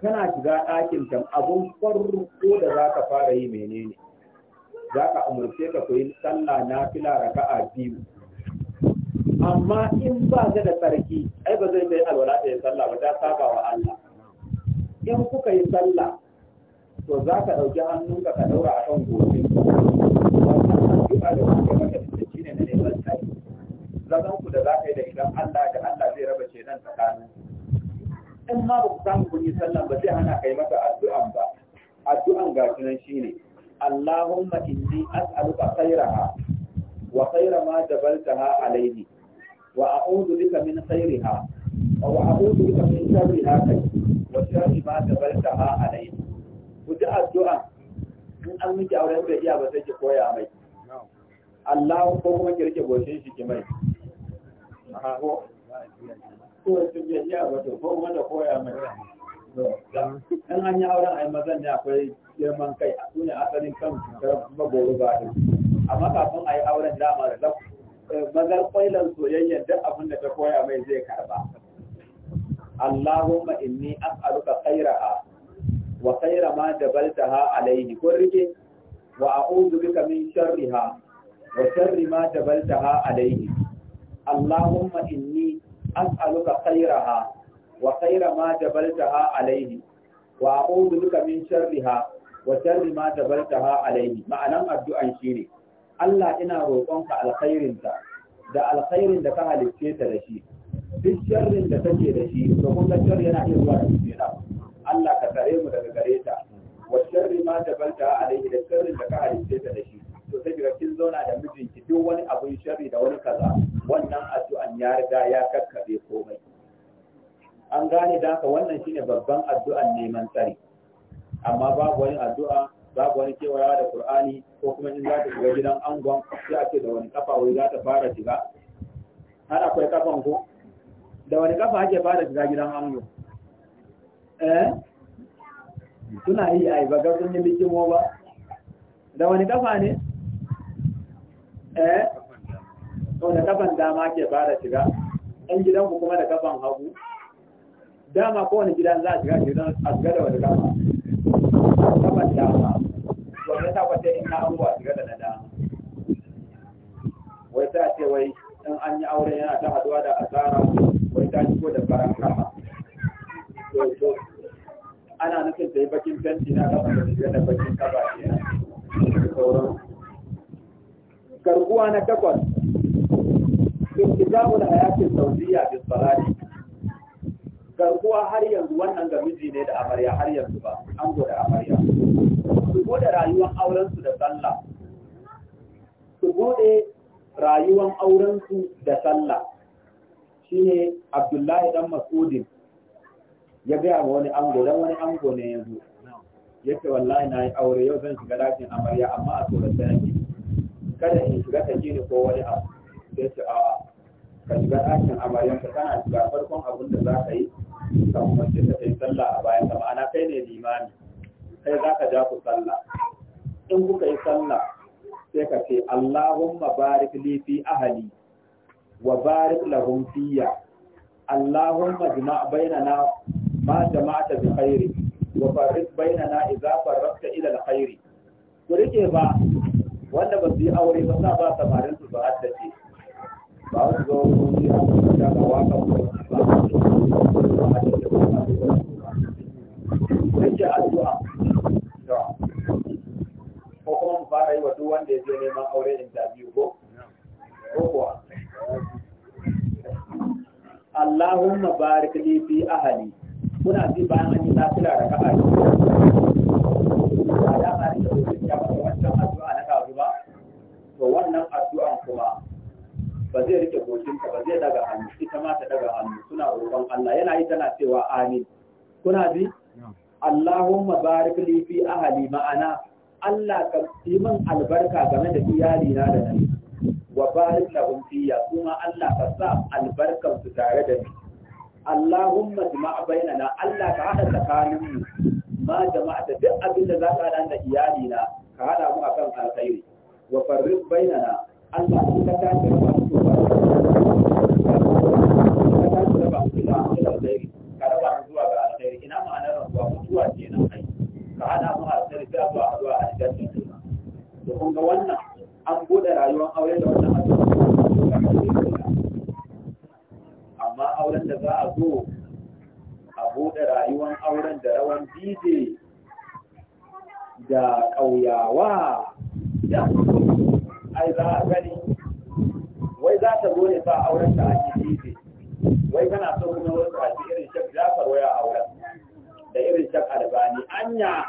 Speaker 1: kana shiga ɗakin ta abun farko da za ka fara yi menene za ka umarce ka koyi sallah na fila raka'a biyu amma in ba ga da tsarki ai ba zai mai alwala da ya sallah ba ta saba wa Allah in kuka yi sallah to za ka ɗauki hannunka ka ɗaura a kan goshin wannan da kuka da tsari ku da za ka yi da idan Allah da Allah zai raba ce nan tsakanin in ma ba ku samu kun yi sallah ba zai hana kai maka addu'an ba addu'an ga shi nan shine Allahumma inni as'aluka khairaha wa khaira ma dabaltaha alayni wa a'udhu bika min khairiha wa a'udhu bika min sharriha kai wa sharri ma tabartaha alayhi kuji an miki auren bai iya ba sai ki koya mai Allah ko kuma ki rike goshin shi ki mai ko ko ki iya ba ko kuma da koya mai in an yi auren ai mazan ne akwai girman kai a sune asalin kan magoro ba amma kafin a yi auren dama da Eh, bazar kwailan soyayyar duk abin da ta koya mai zai karba Allahumma inni as'aluka khairaha wa khaira ma dabaltaha alayhi kun rike wa a'udhu bika min sharriha wa sharri ma dabaltaha alayhi Allahumma inni as'aluka khairaha wa khaira ma dabaltaha alayhi wa a'udhu bika min sharriha wa sharri ma dabaltaha alayhi ma'anan addu'an shine Allah ina roƙonka alkhairinta da alkhairin da ka halicce ta da shi duk sharrin da take da shi to kun ga sharri yana iya zuwa cikin ta Allah ka tare mu daga gare ta wa sharri ma tabalta alaihi da sharrin da ka halicce ta da shi to sai ga kin zauna da mijinki duk wani abun sharri da wani kaza wannan addu'an ya riga ya kakkabe komai an gane da haka wannan shine babban addu'an neman tsari amma babu wani addu'a babu wani kewayawa da Qur'ani ko kuma in za ta shiga gidan angon sai a da wani kafa wai za ta fara shiga har akwai kafan ko da wani kafa ake fara shiga gidan ango eh suna yi ai ba ga sun yi bikin ba da wani kafa ne eh to da kafan dama ke fara shiga ɗan gidan ku kuma da kafan hagu dama kowane gidan za a shiga gidan a shiga da wani kafa kafan dama wannan ta in na ango shiga da nadama wai ta ce wai in an yi aure yana ta haduwa da asara wai ta shigo da faran kama ana nufin ta yi bakin fenti na zama da shiga da bakin kaba ke nan sauran garkuwa na takwas ibtida'ul hayatin saudiya bis salati garkuwa har yanzu wannan ga miji ne da amarya har yanzu rayuwan aurensu da sallah shine abdullahi dan mas'udin ya gaya wa wani ango dan wani ango ne yanzu ce wallahi na yi aure yau zan shiga dakin amarya amma a tsoron da yake kada in shiga ta gini ko wani abu sai ce a ka shiga dakin amarya ka kana shiga farkon abin da za ka yi ka umarci ta yi sallah a bayan ka ma'ana kai ne limami kai za ka ja ku sallah in kuka yi sallah sai ka ce Allahumma barik li fi ahli wa barik lahum fiyya Allahumma bainana ma jama'ta bi khairi wa farriq bainana idza farraqta ila al khairi Ku rike ba wanda ba su yi aure ba sa ba samarin su ba ba su zo wuri yi cikin da waka ba su ba ba su ba su ba su ba su ba
Speaker 2: su ba
Speaker 1: su ba su ko kuma mu fara yi wa duk wanda ya je neman aure interview ko ko kuwa Allahumma barik li fi ahli kuna ji bayan an yi lafiya da kafa ne ba da da wannan addu'a na kawo ba to wannan addu'an kuma ba zai rike gocinka ba zai daga hannu ita ma ta daga hannu suna roƙon Allah yana yi tana cewa amin kuna ji Allahumma barik li fi ahli ma'ana Allah ka yi min albarka game da iyalina da nan wa barik lahum kuma Allah ka sa albarkar su tare da ni Allahumma jama'a bainana Allah ka hada tsakanin mu ma jama'a da duk abin da za ka hada da iyalina ka hada mu akan alkhairi wa farriq bainana Allah ka ta ta ba su ba ka ta ta ba su da alkhairi ka raba zuwa ga alkhairi ina ma'anar rabuwa mutuwa kenan ai ka hada mu a tsari da zuwa zuwa a cikin juna to kun ga wannan an bude rayuwar aure da wannan addu'a amma auren da za a zo a bude rayuwar auren da rawan DJ da ƙauyawa da ai za a gani wai za ta zo ne ba auren da ake DJ wai kana so kuma wasu a irin shaf jafar waya auren da irin shan albani anya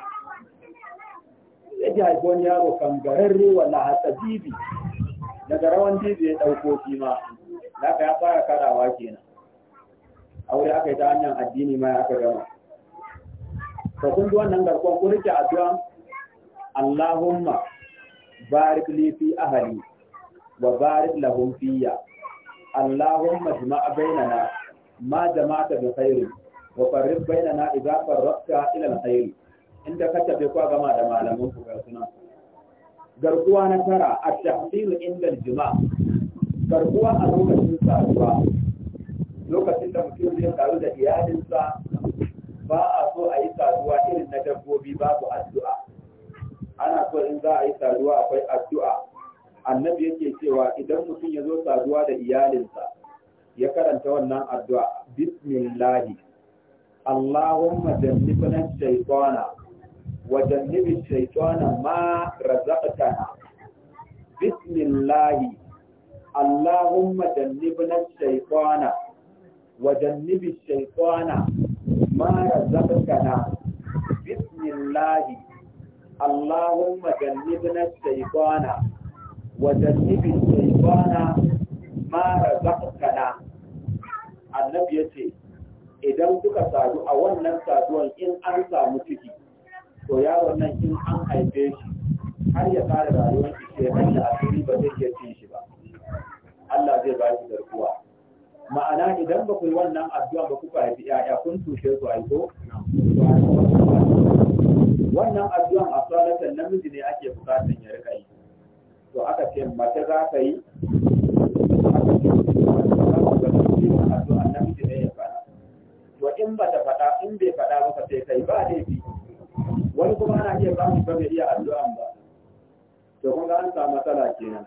Speaker 1: ya ji haifon yaro kan gararre wala hasa bibi daga rawan bibi ya ɗauko shi ma da ya fara karawa kenan aure aka yi ta hanyar addini ma ya aka gama to kun ji wannan garkon kun rike addu'a Allahumma barik li fi ahli wa barik lahum fiyya Allahumma jama'a bainana ma ta bi khairin wa farrif na idza farrafta ila al inda ka tabe ku gama da malaman ku ga sunan garkuwa na tara at-tahsil inda al garkuwa a lokacin saduwa lokacin da mutum zai karu da iyalinsa ba a so a yi saduwa irin na dabbobi babu addu'a ana so in za a yi saduwa akwai addu'a annabi yake cewa idan mutum ya zo saduwa da iyalinsa ya karanta wannan addu'a bismillahi اللهم جنبنا الشيطان وجنب الشيطان ما رزقتنا بسم الله اللهم جنبنا الشيطان وجنب الشيطان ما رزقتنا بسم الله اللهم جنبنا الشيطان وجنب الشيطان ما رزقتنا النبي يقول idan suka sadu a wannan saduwan in an samu ciki to yaron nan in an haife shi har ya fara rayuwar shi sai nan da asiri ba zai iya cin shi ba Allah zai ba shi garkuwa ma'ana idan ba ku yi wannan addu'a ba kuka haifi ya'ya kun tushe su aiko wannan addu'an a salatan namiji ne ake bukatan ya rika yi to aka ce mace za ka yi a cikin wannan addu'a addu'an namiji ne ya in ba ta faɗa in bai faɗa ba ka sai kai ba laifi wani kuma ana iya ba shi ba bai iya addu'an ba to kun ga an samu matsala kenan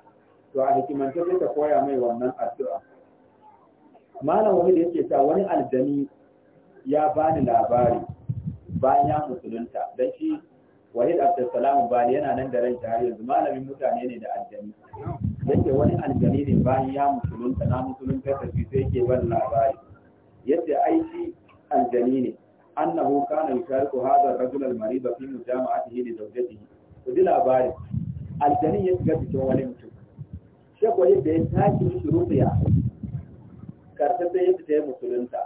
Speaker 1: to a hikimance sai ka koya mai wannan addu'a malam wani da yake ta wani aljani ya bani labari bayan ya musulunta dan shi wahid ba bani yana nan da ran har yanzu malamin mutane ne da aljani yake wani aljani ne bayan ya musulunta na musulunta sai yake ban labari yadda aiki aljani ne annahu kana yushariku hadha ar-rajul al-marid fi mujama'atihi li zawjatihi to di labari aljani ya shiga cikin wani mutum shekwai da ya tashi mishi rufiya karta sai yi fita ya musulunta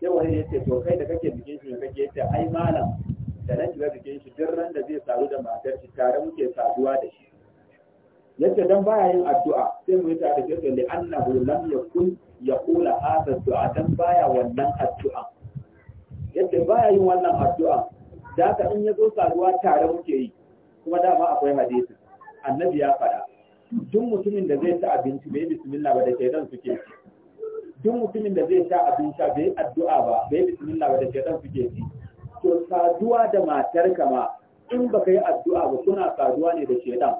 Speaker 1: sai wani ya ce to kai da kake bikin shi kake ya ce ai malam da na shiga bikin shi duk ran da zai sadu da matar shi tare muke saduwa da shi yace dan baya yin addu'a sai mu yi tare da shi li annahu lam yakun yaqula hadha du'a dan baya wannan addu'an. ce baya yin wannan addu'a da ka in ya zo saduwa tare muke yi kuma dama akwai hadisi annabi ya faɗa duk mutumin da zai ta abinci bai bismillah ba da shaidan suke ci duk mutumin da zai ta abinci bai addu'a ba bai bismillah ba da shaidan suke ci to saduwa da matar kama in baka yi addu'a ba kuna saduwa ne da shaidan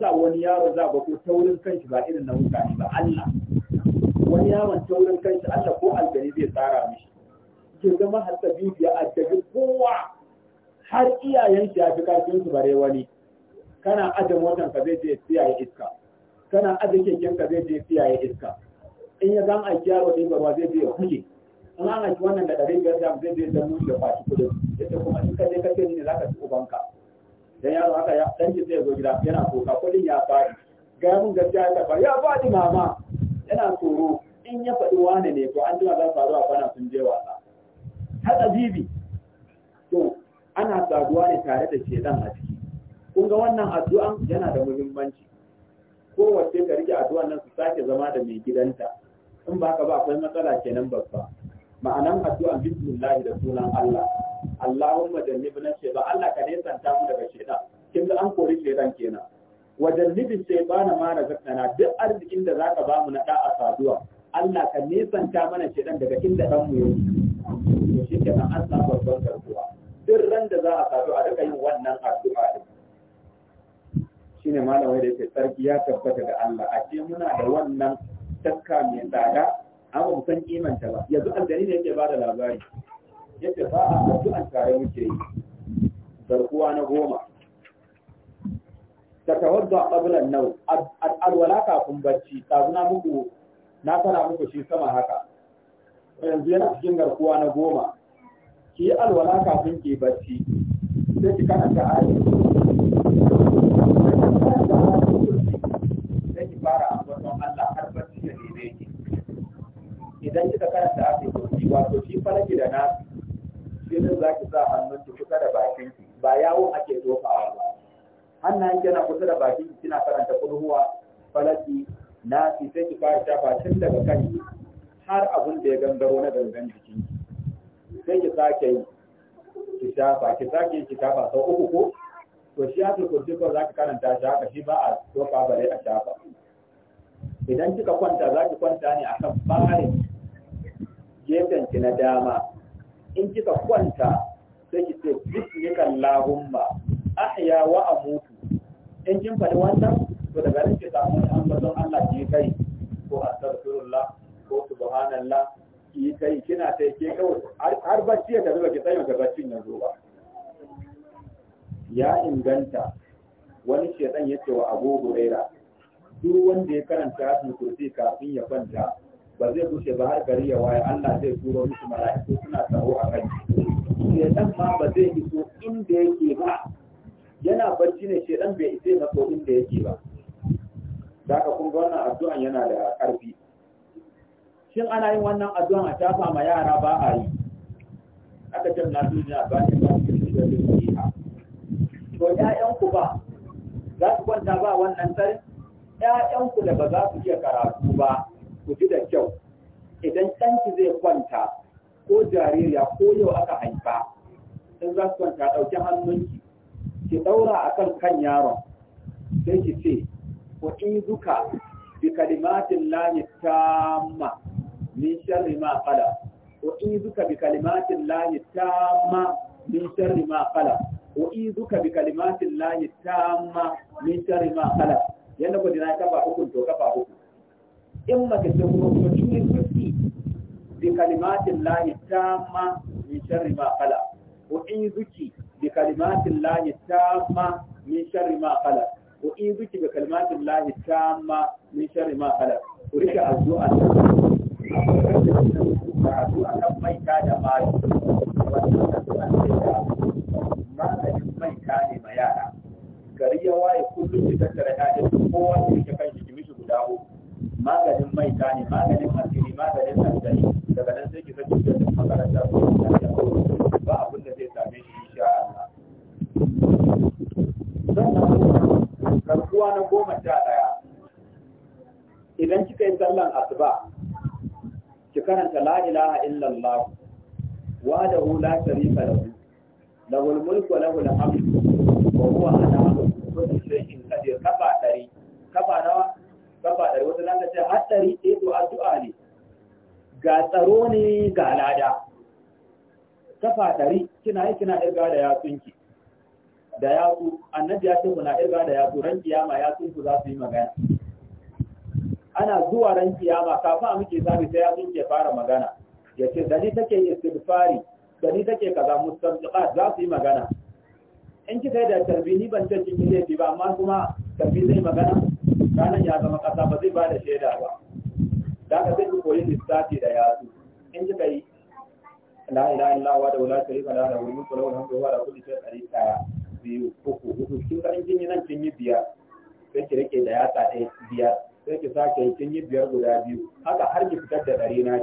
Speaker 1: sa wani yaro za ba ko taurin kanshi ba irin na mutane ba Allah wani yaron taurin kanshi Allah ko aljani zai tsara mishi girgama maharsa biyu biyu a addabi kowa har iyayen shi ya fi karfin su bare wani kana aje motan ka zai je tsiyaye iska kana aje keken ka zai je tsiyaye iska in ya zan aiki yaro ne barwa zai je ya huje in an aiki wannan da ɗari biyar jam zai je da mun da kwashi kudin ya ce kuma in ka je ka ce ne za ka ci ubanka dan yaro haka ya dan ki zai zo gida yana koka kudin ya fadi ga mun gaskiya ya fadi ya fadi mama yana tsoro in ya faɗi wane ne to an jima za faru a kwana sun je wasa haɗa zibi to ana saduwa ne tare da shedan a ciki kun ga wannan addu'an yana da muhimmanci kowace ka rike addu'an nan su sake zama da mai gidanta in ba ka ba akwai matsala kenan babba ma'anan addu'an bismillah da sunan Allah Allahumma na shaytan Allah ka ta mu daga shaytan kin ga an kori shaytan kenan Wajen wajannibi na ma zakana duk arzikin da zaka ba mu na da'a saduwa Allah ka nesanta mana shaytan daga inda dan mu yake kenan an samu babban garkuwa. duk ran da za a sadu a rika yin wannan addu'a din shine malamai da yake sarki ya tabbata ga Allah a ce muna da wannan takka mai tsada amma mu san kimanta ba yanzu aljani ne yake bada labari yace ba a addu'an tare muke yi garkuwa na goma ta tawadda qabla an-naw alwala kafin bacci tsaguna muku na fara muku shi sama haka yanzu yana cikin garkuwa na goma ki yi alwala kafin ki bacci sai ki karanta ayi sai ki fara ambaton Allah har bacci ya neme ki idan kika karanta ayi ki wato shi falaki da na Sai ne zaki sa hannun ki kusa da bakin ki ba yawo ake tofawa ba hannayen kina kusa da bakin ki kina karanta kulhuwa falaki na sai ki fara shafa tun daga kanki har abun da ya gangaro na gangan jikin sai ki sake yi ki shafa ki sake ki shafa sau uku ko to shi haka kursi za ki karanta shi haka shi ba a tsofa bare a shafa idan kika kwanta za ki kwanta ne akan barin gefen ki na dama in kika kwanta sai ki ce bismillahumma ahya wa amutu in kin faɗi wannan to daga nan ki samu ambaton Allah ki kai ko astaghfirullah ko subhanallah ki yi kai kina sai ke kawai har bacci ya tafi baki tsayin ga baccin ya zo ba ya inganta wani shedan ya ce wa abu huraira duk wanda ya karanta yasin kursi kafin ya kwanta ba zai bushe ba har gari ya waye Allah zai turo musu mala'iku suna tsaro a kai shedan ma ba zai iso inda yake ba yana bacci ne shedan bai isa na so inda yake ba zaka kun ga wannan addu'an yana da ƙarfi shin ana yin wannan addu'an a tafa ma yara ba a yi aka ce na duniya ba ne ba su da dukiya to 'ya'yanku ku ba za su kwanta ba wannan tsari 'ya'yanku ku da ba za su iya karatu ba ku ji da kyau idan ɗanki zai kwanta ko jaririya ko yau aka haifa in za su kwanta ɗauki hannunki ki ɗaura a kan kan yaron sai ki ce ko in duka bi kalimatin lahi tamma min sharri ma qala wa izuka bi kalimatin lahi tamma min sharri ma qala wa izuka bi kalimatin lahi tamma min sharri ma qala yanda ko dina kafa hukun to kafa hukun in maka ce kuma ko cikin kuski bi kalimatin lahi tamma min sharri ma qala wa izuki bi kalimatin lahi tamma min sharri ma qala wa izuki bi kalimatin lahi tamma min sharri ma qala ku rika addu'a gari ya waye kullum ki tattara ƴaƴan su kowa rike guda maganin maita ne maganin asiri maganin daga nan sai ki saki da ba zai same shi karkuwa na goma ɗaya idan kika yi asuba karanta la ilaha illallah wahdahu la sharika lahu lahul mulku wa lahul hamdu wa huwa ala kulli shay'in qadir kafa dari kafa nawa kafa dari wata zaka ce hadari eh to addu'a ne ga tsaro ne ga lada kafa dari kina yi kina irga da yatsunki da yatsu annabi ya ce kuna irga da yatsu ran kiyama yatsunku za su yi magana ana zuwa ran kiyama kafin a muke sami sai ya zuke fara magana ya ce da ni take istighfari da take kaza mustamjiqat za su yi magana in kika yi da tarbi ni ban ta ki laifi ba amma kuma tarbi zai magana ranar ya zama kasa ba zai ba da shaida ba da ka sai koyi lissafi da yatsu in kika yi la ilaha illallah wa la sharika lahu lahul mulku wa lahul hamdu wa ala kulli shay'in qadir daya biyu rike da yatsa ɗaya biyar sai ki sake yi kin yi biyar guda biyu haka har ki fitar da ɗari na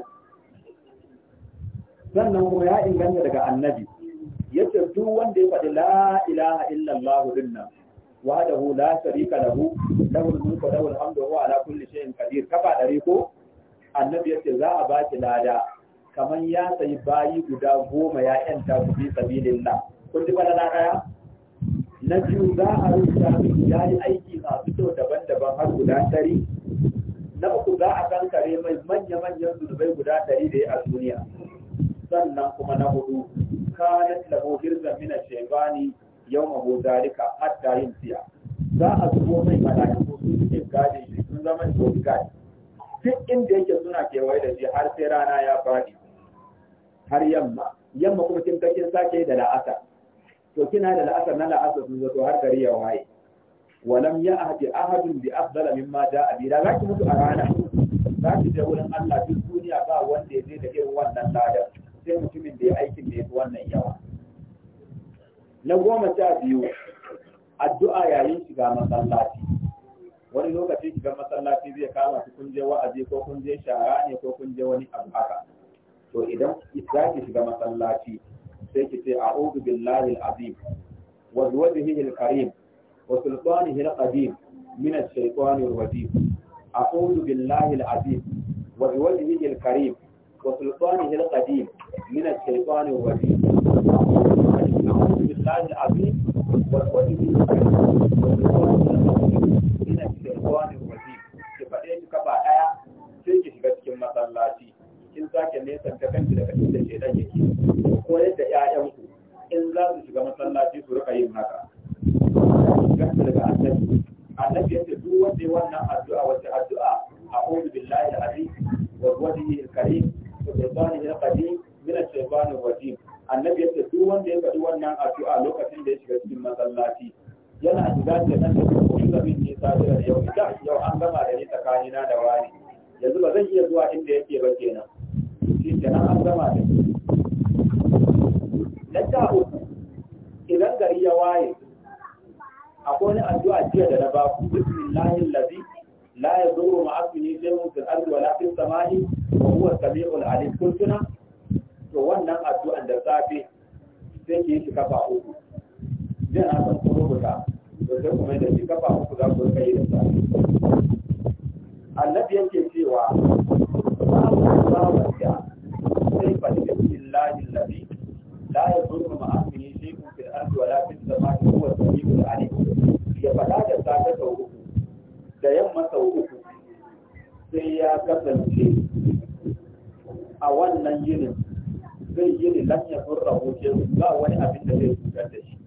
Speaker 1: sannan kuma ya inganta daga annabi yace duk wanda ya faɗi la ilaha illallah dinnan wahdahu la sharika lahu lahul mulku wa lahul hamdu wa ala kulli shay'in qadir kafa ɗari ko annabi yace za a baki lada kamar ya sayi bayi guda goma ya yanta ku bi sabilillah kun ji bana daya na biyu za a rubuta ya yi aiki masu kyau daban-daban har guda ɗari na uku za a kankare mai manya-manyan zunubai guda ɗari da ya a duniya sannan kuma na hudu kanat lahu hirzan min ash-shaytani yawma hu zalika hatta siya. za a zubo mai malaiku su suke gadi shi sun zama shi gadi duk inda yake suna kewaye da shi har sai rana ya faɗi har yamma yamma kuma kin kin sake da la'asar to kina da la'asar na la'asar sun zo har gari ya waye wa lam ya'ti ahadun bi afdala mimma da'a bi da zaki mutu a rana zaki je wurin Allah duk duniya ba wanda ya je da irin wannan ladar sai mutumin da ya aikin da ya fi wannan yawa na goma sha biyu addu'a yayin shiga masallaci wani lokaci shiga masallaci zai kama su kun wa'azi ko kun shara ne ko kun wani abu to idan za ki shiga masallaci sai ki ce a'udhu billahi al-azim wa biwajhihi al-karim وسلطانه القديم من الشيطان الرجيم أعوذ بالله العظيم وبوجهه الكريم وسلطانه القديم من الشيطان الرجيم أعوذ بالله العظيم وبوجهه الكريم وسلطانه القديم من الشيطان الرجيم كفاية كفاء آية تيجي شبكة مصلاتي in sake nesa ta kanki daga inda shaidan yake ko yadda 'ya'yanku in za su shiga masallaci su rika haka gasa daga annabi annabi yace duk wanda wannan addu'a wata addu'a a'udhu billahi al-azim wa wajhihi al-karim wa shaytanihi al-qadim min ash-shaytani ar-rajim annabi yace duk wanda ya faɗi wannan addu'a lokacin da ya shiga cikin masallaci yana shiga da nan da kuma bin ne sadar yau da yau an gama da ni tsakanina da wani yanzu ba zan iya zuwa inda yake ba kenan shi kenan an gama da ni na ta uku idan gari ya waye akwai wani addu'a jiya da na baku ku bismillahi allazi la yadurru ma asmihi shay'un fil ardi wala fis samai wa huwa samiul alim kuntuna to wannan addu'an da safe sai ke shi kafa uku dan na san ku rubuta to sai kuma da shi kafa uku za ku kai da safe annabi yake cewa ba ba babu da sai fa bismillah kasance a wannan yinin zai yi ne lam ya furra ba wani abin da zai cutar da shi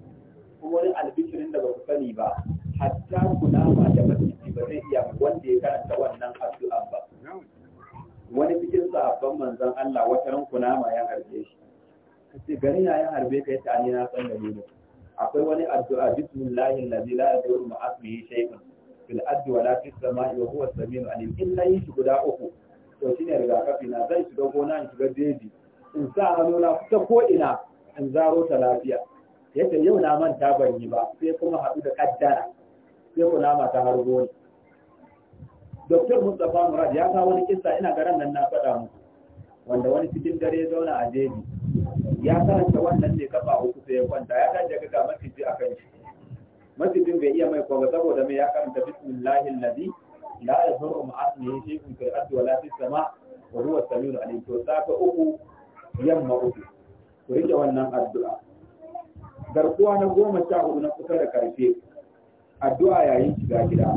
Speaker 1: kuma wani albishirin da ba ku sani ba hatta kunama da maciji ba zai iya wanda ya karanta wannan addu'a ba wani cikin sa'abban manzon Allah wata ran ma ya harbe shi kace gari ya ya harbe ka yi ta'ani na san da ni akwai wani addu'a bismillahi allazi la yadurru ma ismihi shay'un fil ardi wala fis sama'i wa huwa samiu alim in nayi shi guda uku to shine rigakafi na zai shiga gona in shiga jeji in sa hannuna ta ko ina in zaro ta lafiya yace yau na manta ban yi ba sai kuma haɗu da kaddara sai kunama ta harbo ni Mustapha Murad ya kawo wani kissa ina garan nan na faɗa muku wanda wani cikin dare zauna a jeji ya karanta wannan ne kafa uku sai ya kwanta ya kan daga ga maciji a kan shi masjidin bai iya mai kowa saboda mai ya karanta bismillahi allazi la yadurru ma'a ismihi shay'un fil ardi wa la fis sama wa huwa samiul alim to safa uku yamma uku ku rike wannan addu'a garkuwa na goma sha hudu na kusa da karfe addu'a yayin shiga gida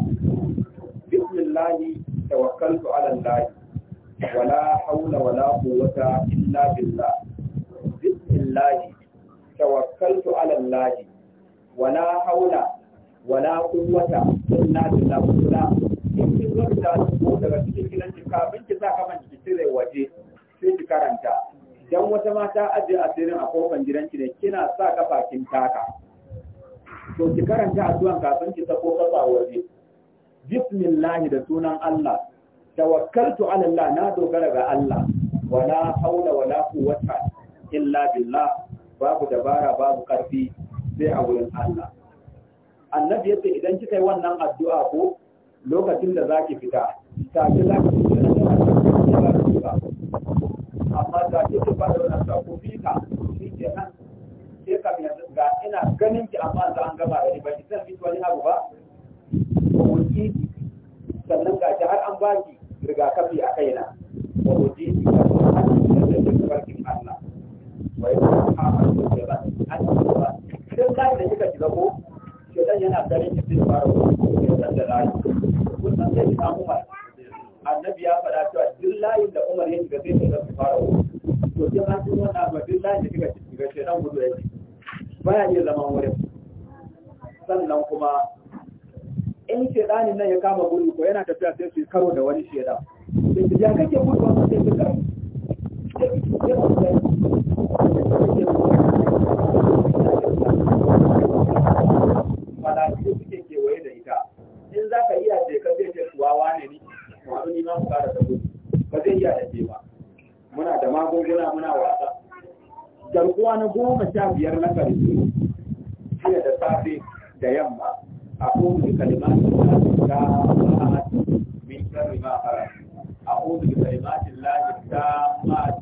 Speaker 1: bismillahi tawakkaltu ala allah wala hawla wala quwwata illa billah bismillahi tawakkaltu ala allah wala haula wala quwwata illa billah kula in kin zo da daga cikin gidan ki kafin ki sa kaman ki tsire waje sai ki karanta dan wata mata aje asirin a kofan gidanki ne kina sa kafa kin taka to ki karanta addu'an kafin ki sako kafa waje bismillah da sunan Allah tawakkaltu ala Allah na dogara ga Allah wala haula wala quwwata illa billah babu dabara babu karfi sai a wurin Allah annabi yace idan kika yi wannan addu'a ko lokacin da zaki fita ta ki zaki fita da ba, amma ta ki ki fara wannan sako fika shi ke nan sai ka mi ga ina ganin ki amma za an gama da ni ba ki san wani abu ba ko ki sannan ga har an baki rigakafi a kaina wa uji ki ka san da farkin Allah wai ko ka ha ba ki ba duk layi da kika shiga ko yana ganin ki fara ya san da layi kun san sai ina umar annabi ya faɗa cewa duk layin da umar ya shiga sai shekan su fara to duk an sun wannan ba duk layin da kika shiga shekan gudu ya ce baya iya zama wurin sannan kuma in shedanin nan ya kama gudu ko yana tafiya sai su karo da wani shedan sai su kake gudu wannan sai su karo sai su karo mala'iku suke kewaye da ita in za ka iya ce ka zai ce kuwawa ne ni masu nima ku kara da gudu ba zai iya da ce ba muna da magunguna muna wasa garkuwa na goma sha biyar na karshe Jiya da safe da yamma a kowane kalimatin lahi ta ma'at min sharri ma fara a kowane kalimatin lahi ta ma'at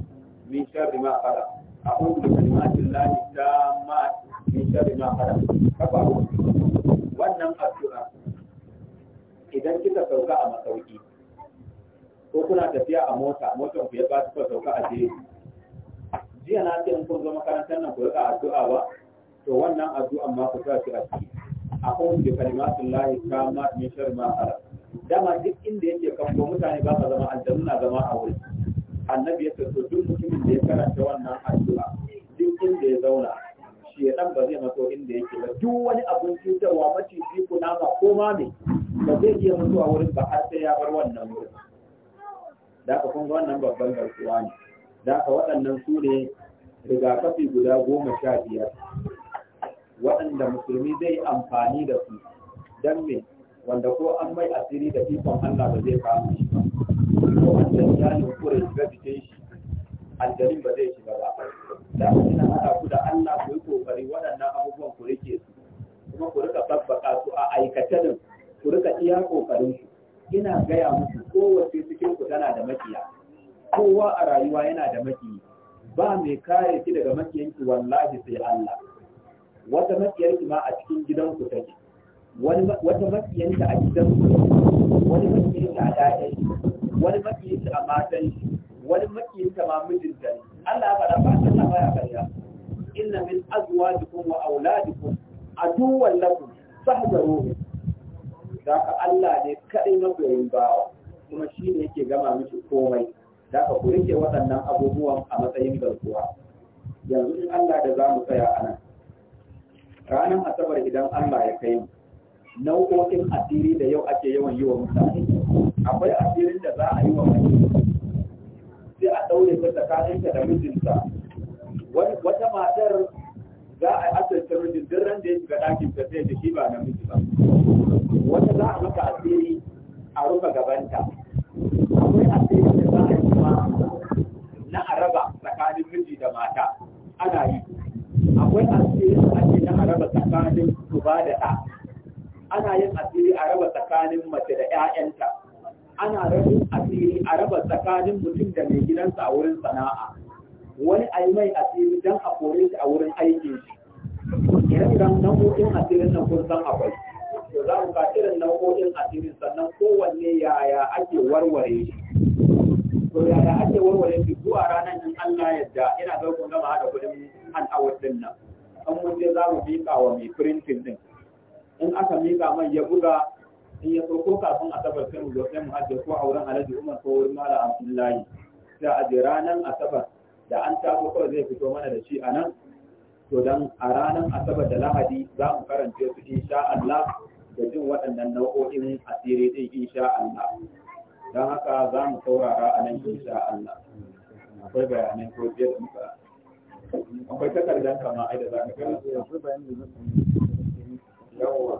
Speaker 1: min sharri ma fara a kowane kalimatin lahi ta ma'at min sharri ma fara kafa wannan addu'a idan kika sauka a masauki ko kuna tafiya a mota motar ku ya ba su sauka a jeri jiya na ce in kun zo makarantar nan ku rika addu'a ba to wannan addu'an ma ku sa shi a ciki a kun bi kalimatun lahi kama min shar ma ala dama duk inda yake ko mutane ba ka zama aljanu na zama a wuri annabi ya ce to duk mutumin da ya karanta wannan addu'a duk inda ya zauna shedan ba zai maso inda yake ba duk wani abun cutarwa maciji kunama ko ma me ba zai iya mutuwa wurin ba har sai ya bar wannan wurin da ka kun wannan babban garkuwa ne da ka waɗannan su ne rigakafi guda goma sha biyar waɗanda musulmi zai amfani da su don me wanda ko an mai asiri da ikon Allah ba zai kama shi ba ko an ya ne kure shiga jikin shi aljani ba zai shiga ba da ina hada ku da Allah ku yi kokari waɗannan abubuwan ku rike su kuma ku rika babbaka su a aikace din ku rika iya kokarin su ina gaya muku kowace cikin ku tana da makiya kowa a rayuwa yana da makiyi ba mai kare ki daga makiyanki wallahi sai Allah wata makiyarki ma a cikin gidanku take wata makiyanta a gidanku wani makiyanta a daɗin wani makiyanta a matan shi wani ta ma mijinta ne Allah ya faɗa ba ta ba ya karya inna min azwajikum wa auladikum aduwwan lakum fahzaru da ka Allah ne kadai koyin bawa kuma shi ne yake gama miki komai da ka ku rike waɗannan abubuwan a matsayin garkuwa yanzu in Allah da za mu tsaya a nan ranar asabar idan Allah ya kai mu nau'o'in asiri da yau ake yawan yi wa mutane akwai asirin da za a yi wa mutane sai a daure ta tsakaninta da mijinta wata matar za a asirce mijin duk ran da ya shiga ɗakin ta sai da shi ba namiji ba wata za a maka asiri a rufe gabanta akwai asiri da za a yi kuma na araba tsakanin miji da mata ana yi akwai asiri da ake na araba tsakanin uba da ɗa ana yin asiri a raba tsakanin mace da 'ya'yanta ana rabin asiri a raba tsakanin mutum da mai gidansa a wurin sana'a wani a yi mai asiri don a kore shi a wurin aiki. shi ire-iren nau'o'in asirin nan kun san akwai to za mu ka irin nau'o'in asirin sannan kowanne yaya ake warware shi to yaya ake warware shi zuwa ranar in Allah yadda ina zai kun gama da kudin an awa din nan an mun je za mu miƙa wa mai firintin din in aka miƙa mai ya buga in ya ko kafin asabar sabar kan zo mu ajiye ko a wurin alhaji umar ko wurin mala abdullahi sai a ajiye ranar asabar da an taso kawai zai fito mana da shi a nan to dan a ranar asabar da lahadi za mu karanta su insha Allah da jin waɗannan nau'o'in asiri din insha Allah don haka za mu saurara a nan insha Allah akwai bayanai ko biyar da muka akwai takardar kama ai da za ka karanta yawa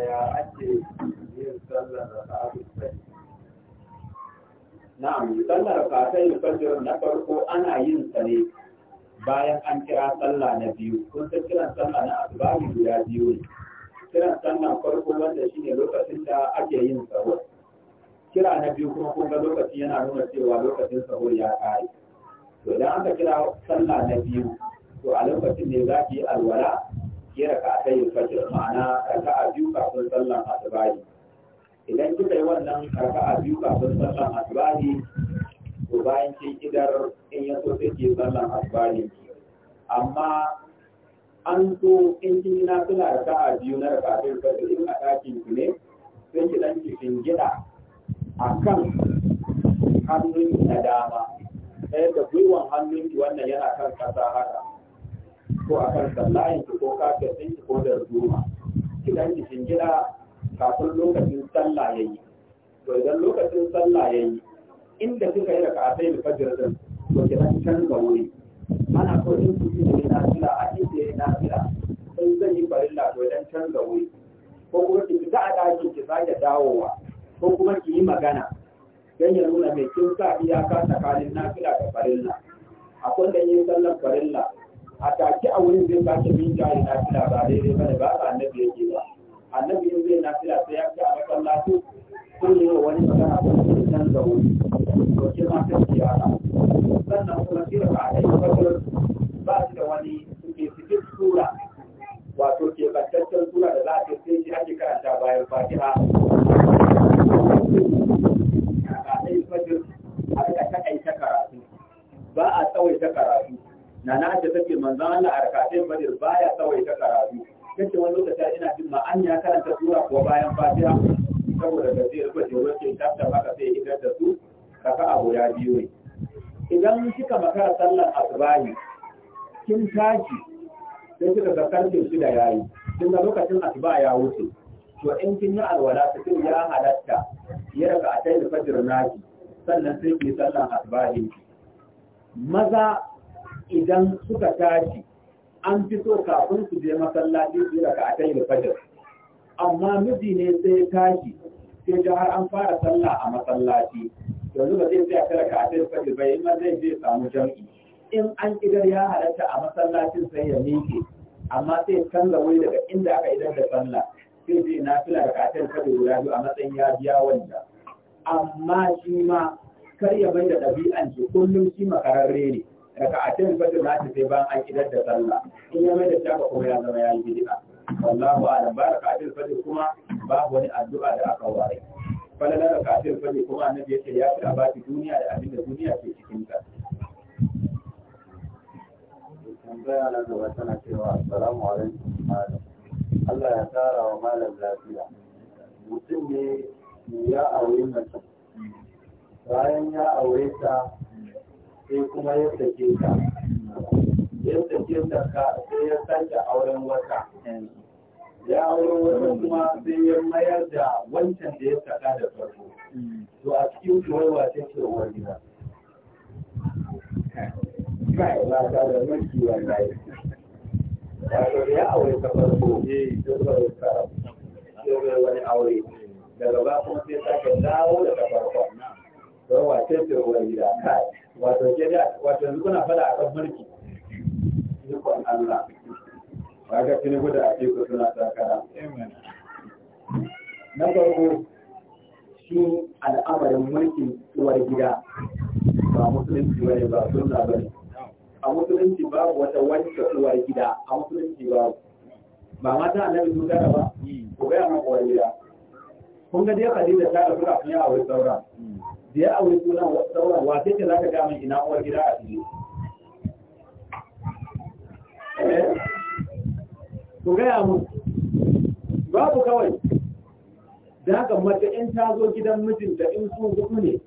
Speaker 1: yaya ake yin sallar raka'atul Na na'am sallar raka'atul fajr na farko ana yin sa ne bayan an kira sallah na biyu kun san kiran sallah na asubahi guda biyu ne kiran sallah farko wanda shine lokacin da ake yin sahur kira na biyu kuma kun ga lokaci yana nuna cewa lokacin sahur ya kare to idan aka kira sallah na biyu to a lokacin ne za ki yi alwala ya ka ta yi fajr ma'ana raka a biyu kafin sallan asubahi idan kika yi wannan raka a biyu kafin sallan asubahi to bayan cin idar in ya so sai sallan asubahi amma an so in kin yi nafila raka a biyu na raka ta yi fajr in a ɗakin ki ne sai ki dan ki shingida a kan hannun na dama ɗaya da gwiwan hannunki wannan yana kan ƙasa haka ko a kan sallayin ko kafin ɗin ko da ruma idan ki gida kafin lokacin sallah ya yi to idan lokacin sallah ya yi inda suka yi kafin da fajar din to ki dan canza wuri ana ko in su yi da fila a inda yi fila in zan yi farilla to idan canza wuri ko kuma ki fita a ɗakin ki sake dawowa ko kuma ki yi magana dan ya nuna mai kin sa iyaka tsakanin nafila da farilla akwai da yin sallar farilla a take a wurin zai sake min jari na fila ba daidai ba bane ba sa annabi yake ba annabi yin zai na fila sai ya fi a masallaci ko ne wa wani magana ko ne nan da wuri to ke ma ta ciya na sannan kuma ba a yi fadar ba shi da wani suke cikin sura wato ke kantaccen sura da za a ce sai shi ake karanta bayan fatiha a ai fadar a ka takaita karatu ba a tsawaita karatu na na take manzo Allah a rakatai badir baya kawai ta karatu kace wani lokaci ina jin ma an ya karanta sura ko bayan fatiha saboda da zai rubuce wace tafta aka sai idan da su abu ya biyo ne idan kika makara sallar asbahi kin tashi sai kika ga karfe shida yayi kin ga lokacin asuba ya wuce to in kin yi alwala ta kin ya halatta ya raka a tayi fajr naki sannan sai ki sallar asbahi maza idan suka tashi an fi so kafin su je masallaci su yi raka a tayin fajar amma miji ne sai tashi sai ga har an fara sallah a masallaci yanzu ba zai tsaya raka a tayin fajar ba in zai je samu jam'i in an idar ya halatta a masallacin sai ya miƙe amma sai canza wuri daga inda aka idar da sallah sai je na fila raka a tayin fajar guda biyu a matsayin ya biya wanda amma shi ma kar ya bai da ɗabi'an shi kullum shi makararre ne daga a cikin fata za ta sai ban an idar da sallah in ya mai da shaka kuma ya zama ya yi bid'a wallahu a'lam baraka a cikin fata kuma babu wani addu'a da aka ware falala da kafin fata kuma annabi ta ya fi abati duniya da abin da duniya ke cikin ta tambaya na gaba tana cewa assalamu alaikum malam Allah ya tsara wa malam lafiya mutum ne ya aure mace bayan ya aure ta sai kuma ya sake ta ya sake ta sai ya sake auren wata ya auren wata kuma sai ya mayar da wancan da ya saka da farko to a cikin kuwaiwa ta ce wa gida ya aure ta farko ya wani aure daga ba kuma sai sake dawo da ta farko don wace ce wa gida kai wato ke da wato yanzu kuna fada a kan mulki ikon Allah kaga tuni guda a teku suna takara na farko shi al'amarin mulkin uwar gida ba musulunci bane ba sunna bane a musulunci babu wata wanke uwar gida a musulunci babu ba mata annabi sun gara ba hmm. ko ga ma uwar gida kun ga dai Khadija ta rasu kafin ya aure saura hmm. da ya aure suna sauran wace ce za ka gama ina uwar gida a cikin eh? ku gaya mu babu kawai da haka mace in ta zo gidan mijin da in sun gudu ne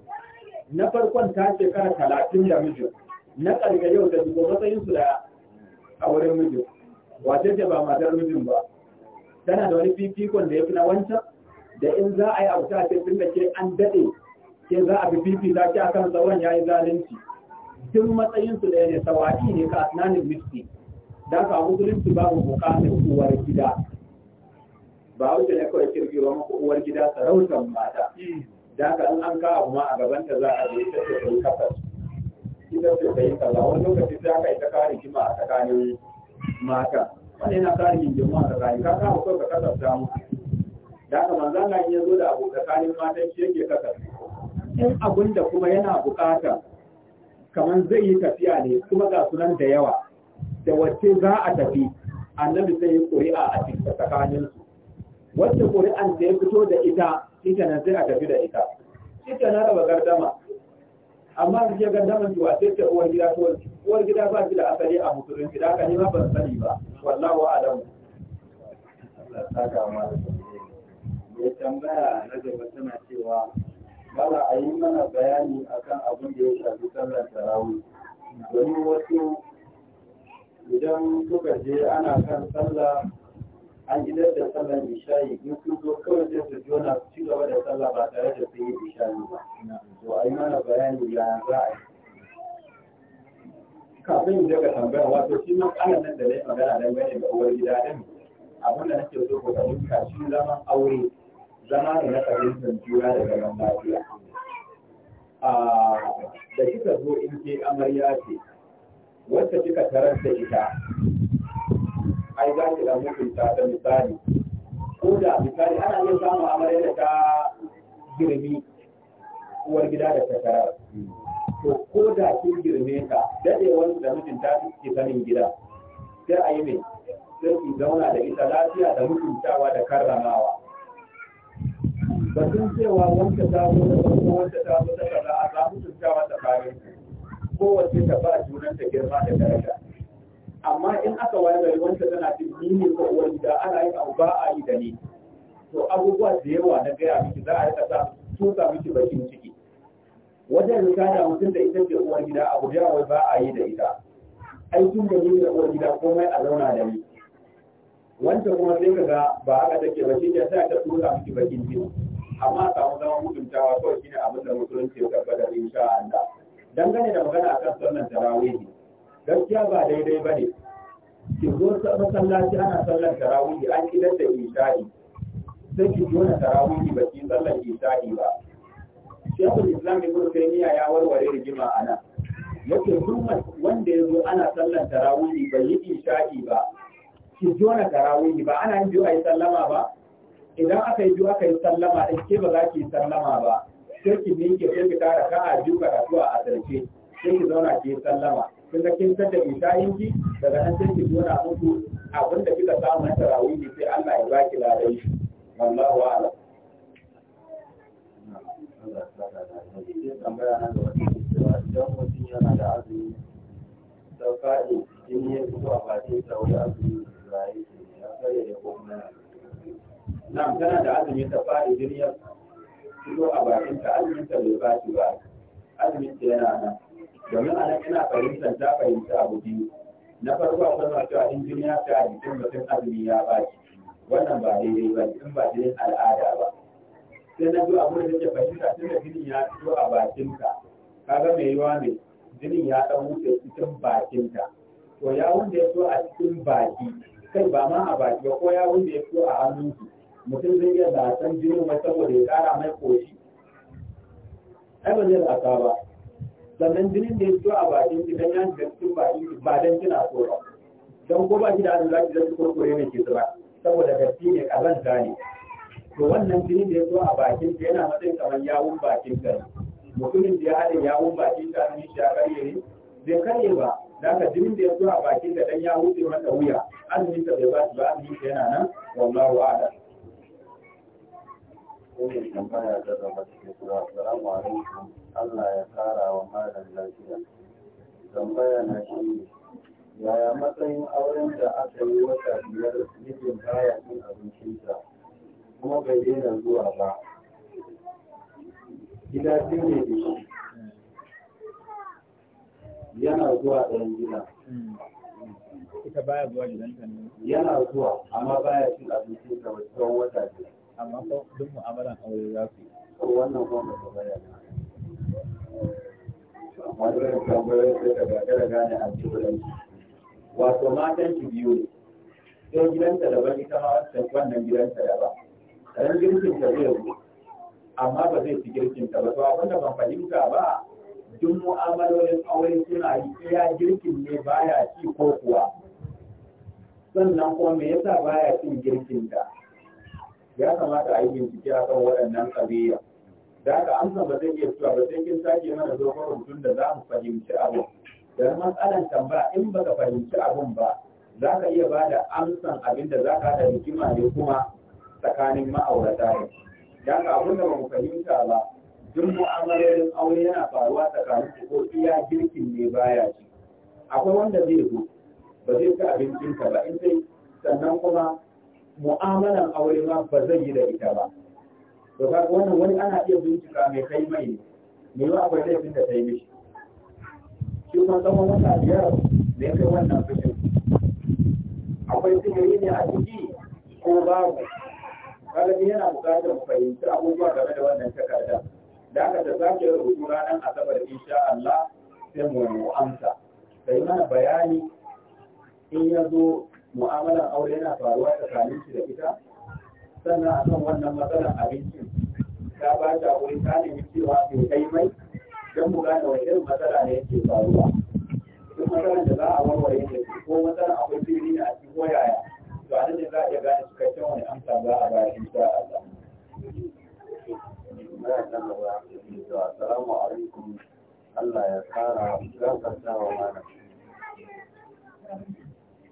Speaker 1: na farkon ta shekara talatin da mijin na ƙarga yau da dubu matsayinsu da a wurin mijin wace ce ba matar mijin ba tana da wani fifikon da ya fi na wancan da in za a yi abu ta ce tun da ke an daɗe ke za a fifita ki akan sauran yayi zalunci duk matsayin su da ne sawaki ne ka asnanin miski da ka musulunci babu bukatar uwar gida ba wuce ne kawai ba maka uwar gida sarautar mata da ka in an ka abu ma a gaban ta za a je ta ce kai kafar ita ce kai kaza wani lokaci za ka yi ta kare kima a tsakanin mata wani yana kare gingimu a tsakanin ka kawo kawai ka kasar samu da ka manzan na iya zo da abu tsakanin mata shi yake kasar in abun da kuma yana bukata kamar zai yi tafiya ne kuma ga sunan da yawa da wacce za a tafi annabi sai yi ƙuri'a a cikin tsakanin su wacce ƙuri'an da ya fito da ita ita nan sai a tafi da ita ita na raba gardama amma su ce gardama cewa sai ta uwar gida wani uwar gida ba shi da asali a musulunci gida ka ne ma ban sani ba wallahu a'lam ya tambaya na gaba tana cewa Bala a yi mana bayani a kan abin da ya shafi sallar tarawih. Domin wasu idan suka je ana kan sallah an idar da sallar insha'i, in sun zo kawai sai su jona su ci gaba da sallah ba tare da sun yi isha'i ba. To a yi mana bayani ya za a yi. Kafin daga tambaya wato shi ma ana nan da na yi magana dangane da uwar gida ɗin abin da nake so ka fahimta kashi zaman aure. zama ne na fahimtar juna da zaman lafiya ah, da kika zo in ce amarya ce wacce kika tarar da ita ai za ki da mutunta da misali ko da misali ana yin samun amarya da ta girmi uwar gida da ta tarar to ko da kin girme ka dadewar da mutunta ke sanin gida sai a yi mai sai ki zauna da ita lafiya da mutuntawa da karramawa batun cewa wanda ta zo da wanda wanda ta zo da kaza a samu tuntawa tsakanin kowace ta ba junan ta girma da daraja amma in aka waye gari wanda tana jin ni ne ko uwar gida ana yi abu ba a yi da ni to abubuwa da yawa na gaya miki za a yi kasa tusa miki bakin ciki wajen rikada mutum da ita ce uwar gida abu da yawa ba a yi da ita aikin da ni ne uwar gida komai a zauna da ni wanda kuma sai ka ga ba haka take ba shi ke sa ta tusa miki bakin ciki amma samu zama mutuntawa kawai shine abin da musulunci ya in insha Allah dangane da magana akan sallar tarawih gaskiya ba daidai ba ne ki zo masallaci ana sallar tarawih an kidar da isha'i sai ki jona tarawih ba ki sallar isha'i ba shekul islam ibn taymiya ya warware rigima a nan yace duk wanda yazo ana sallar tarawih bai yi isha'i ba ki jona tarawih ba ana yin biyu sallama ba idan aka yi biyu aka yi sallama ɗin ke ba za ki yi sallama ba sai ki miƙe sai ki tara ka'a biyu a asirce sai ki zauna ki yi sallama kun ga kin san da isha'in ki daga nan sai ki zauna muku abin da kika samu na ne sai Allah ya baki ki wallahu a'lam sauka ne a bakin da da ya da kuma nan tana da azumin ta fa duniya ya a bakin ta azumin ta bai baci ba azumin ta yana nan domin a nan ina fahimtar ta fahimta abu biyu na farko a akwai masu a injiniya ta a jikin mutum azumi ya baci wannan ba daidai ba in ba jinin al'ada ba sai na zo abu da yake fahimta tun da jinin ya fito a Ka kaga mai yiwa ne jinin ya ɗan wuce cikin bakin ta. to yawun da ya fito a cikin baki kai ba ma a baki ba ko yawun da ya fito a hannunki mutum zai iya zasan jini wai saboda ya kara mai koshi ai ba zai zasa ba sannan jinin da ya fito a bakin ki dan ya da su ba ki ba dan kina so ba dan ko ba ki da azumi zaki zaki kurkure ne ki zuba saboda datti ne kazanta ne to wannan jinin da ya fito a bakin ki yana matsayin kamar yawun bakin ka mutumin da ya haɗa yawun bakin ka ne shi ya karye ne zai kare ba da ka jinin da ya fito a bakin ka dan ya wuce masa wuya azumin ta bai ba ba azumin ta yana nan wallahu a'lam Sai tambaya ta gaba take cewa Assalamu alaikum Allah ya kara wa malam lafiya. Tambaya na shi ne yaya matsayin auren da aka yi wata biyar mijin baya cin abincinsa kuma bai daina zuwa ba. Gida shi ne da shi
Speaker 2: yana zuwa ɗan
Speaker 1: gida. Ita baya zuwa gidanta ne? Yana zuwa amma baya cin abincinsa tsawon wata biyar. amma ko duk mu'amalan aure za su yi wannan ko mu tambaya amma dole ka tambaye sai ka gagara gane a cikin wato matan ki biyu ne sai gidanta da daban ta ma wannan gidanta daban kanan girkin ta zai zo amma ba zai ci girkin ta ba to abin da ban fahimta ba duk mu'amalolin aure suna yi iya girkin ne baya ci ko kuwa sannan kuma me yasa baya cin girkin ta ya kamata a yi bincike a kan waɗannan ƙabiya da haka amsa ba zai iya cewa ba sai kin sake mana dogon rubutun da za mu fahimci abu. da matsalan tambaya in baka fahimci abun ba za ka iya ba da amsan abin da za ka da hikima ne kuma tsakanin ma'aurata ne da haka abin da ba mu fahimta ba duk mu'amalolin aure yana faruwa tsakanin su ko iya girkin ne baya ci akwai wanda zai zo ba zai ci abincinka ba in sai sannan kuma mu'amalan aure ma ba zai yi da ita ba to kaga wannan wani ana iya bincika mai kai mai ne me yawa akwai laifin da ta yi mishi shi kuma tsawon wata biyar da ya kai wannan fushin akwai sigiri ne a ciki ko babu kaga ni yana buƙatar fahimci abubuwa game da wannan takarda da aka ta sake rubutu ranar asabar insha Allah sai mu amsa Sai mana bayani in ya zo mu'amalar aure yana faruwa tsakanin shi da ita sannan akan wannan matsalar abincin ta ba ta wuri ta nemi cewa bai kai mai don mu gane wani irin matsala ne yake faruwa duk matsalar da za a warware ne ko matsalar akwai fili ne a cikin koyaya to a nan ne za a iya gane cikakken wani amsa za a bayar insha Allah. Assalamu alaikum Allah ya kara gafarta wa mana.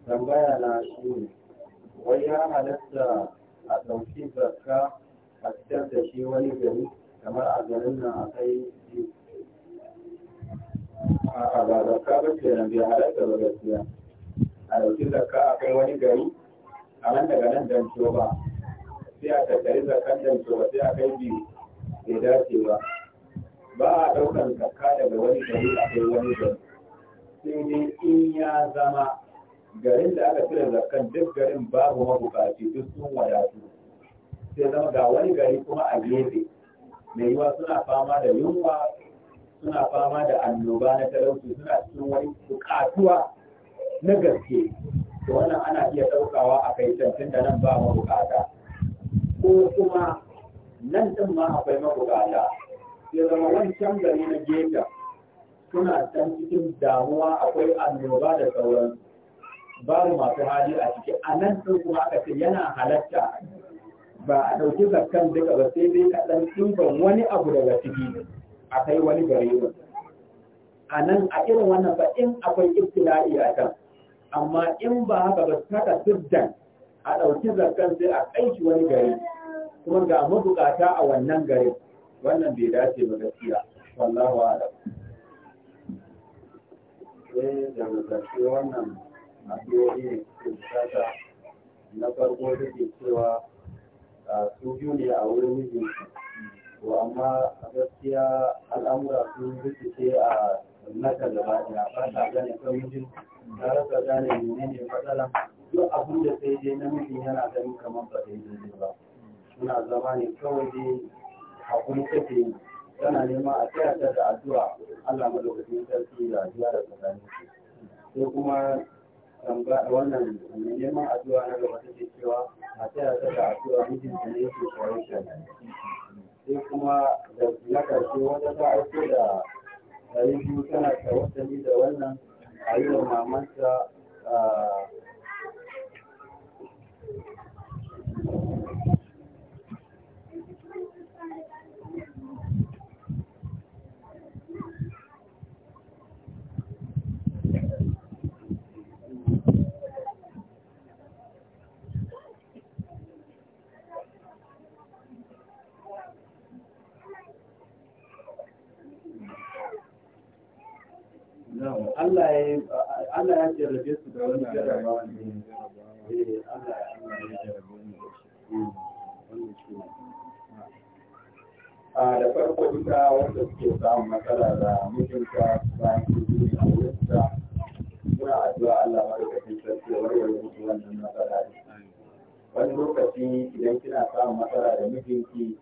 Speaker 1: tambaya na shi ne wai ya halatta a ɗauki zakka a fitar da shi wani gari kamar a garin nan a kai a ba zakka ba ce nan bai halatta ba gaskiya a ɗauki zakka a kai wani gari a nan daga nan dan ba sai a tattari zakkan dan coba sai a kai biyu bai dace ba ba a ɗaukar zakka daga wani gari a kai wani gari sai dai in ya zama garin da aka fira zakan duk garin babu mabukaci duk sun wadatu sai zama ga wani gari kuma a gefe mai yiwa suna fama da yunwa suna fama da annoba na talauci suna cikin wani bukatuwa na gaske to wannan ana iya ɗaukawa a kai can da nan ba mabukata ko kuma nan din ma akwai mabukata sai zama wancan gari na gefe suna can cikin damuwa akwai annoba da sauransu babu masu hali a ciki a nan ɗin kuma aka ce yana halatta ba a ɗauki zakkan duka ba sai dai kaɗan ɗiban wani abu daga ciki a kai wani gare gari a nan a irin wannan ba in akwai ibtila'i a kan amma in ba haka ba saka siddan a ɗauki zakkan sai a kai shi wani gare kuma ga mabukata a wannan gare wannan bai dace ba gaskiya wallahu a'lam eh da wannan addu'o'i ne suke bukata na farko ke cewa su biyu ne a wurin mijinsu to amma a gaskiya al'amura sun rikice a nata gaba daya ba ta gane kan mijin ta rasa gane ne matsala duk abin da sai dai namijin yana ganin kamar ba ta yi ba suna zama ne kawai dai hakuri take yi tana nema a tsaya da addu'a Allah madaukakin sarki da addu'a da tsakanin sai kuma wannan neman addu'a na gaba take cewa a taya ta da addu'a mijinta ne yake sai kuma da na karshe wata ta aiko da ɗari biyu tana ni da wannan a mamanta ah,
Speaker 2: Allah ya Allah ya jarrabe su da wani jarrabawa ne eh Allah ya jarrabe
Speaker 1: mu a eh, ah, da farko ita wanda suke samun matsala da mijinta bayan su yi a wurinta muna addu'a Allah madaukakin sarki ya warware musu wannan matsala ne wani lokaci idan kina samun matsala da mijinki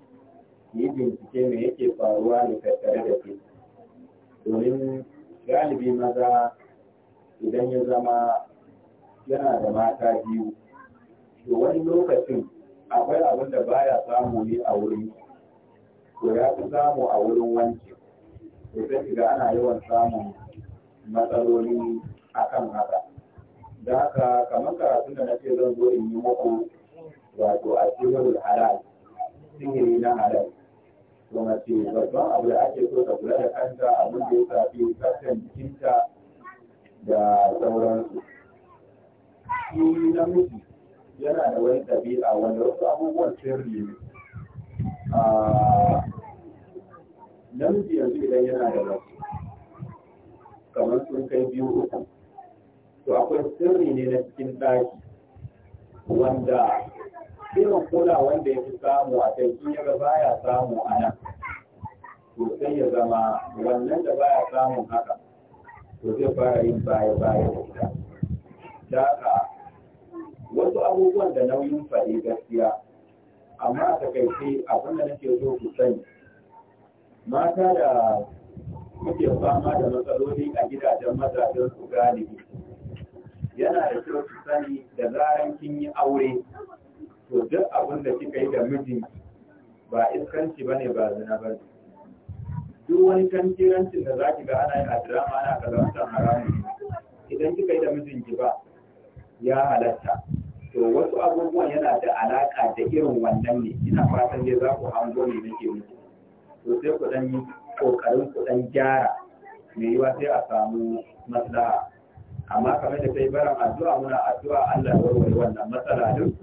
Speaker 1: yi bincike me yake faruwa ne tattare da ke domin galibi maza idan ya zama yana da mata biyu to wani lokacin akwai abin da baya samu ne a wurin to ya fi samu a wurin wanki to sai shiga ana yawan samun matsaloli a kan haka da haka kamar karatun da nake zan zo in yi muku wato a cikin halal sihiri na halal kuma ce babban abu da ake so ta kula da kanta abin da ya shafi sassan jikinta da sauransu shi namiji yana da wani ɗabi'a wanda wasu abubuwan sirri ne ah, namiji yanzu idan yana da wasu kamar sun kai biyu uku to akwai sirri ne na cikin ɗaki wanda irin kula wanda ya fi samu a can in yaga baya samu a nan to sai ya zama wannan da ya samun haka to zai fara yin baya baya da ita da wasu abubuwan da nauyin faɗi gaskiya amma a takaice abin da nake so ku sani mata da muke fama da matsaloli a gidajen mazajen su galibi yana da kyau su sani da zaran kin yi aure to duk abin da kika yi da mijinki ba iskanci bane ba zina ba duk wani tantirancin da zaki ga ana yi a drama ana kalamtar haramun idan kika yi da mijinki ba ya halatta to wasu abubuwan yana da alaka da irin wannan ne ina fatan dai za ku hango ne nake miki to sai ku dan yi kokarin ku dan gyara me yiwa sai a samu maslaha amma kamar da kai baran addu'a muna addu'a Allah ya warware wannan matsala din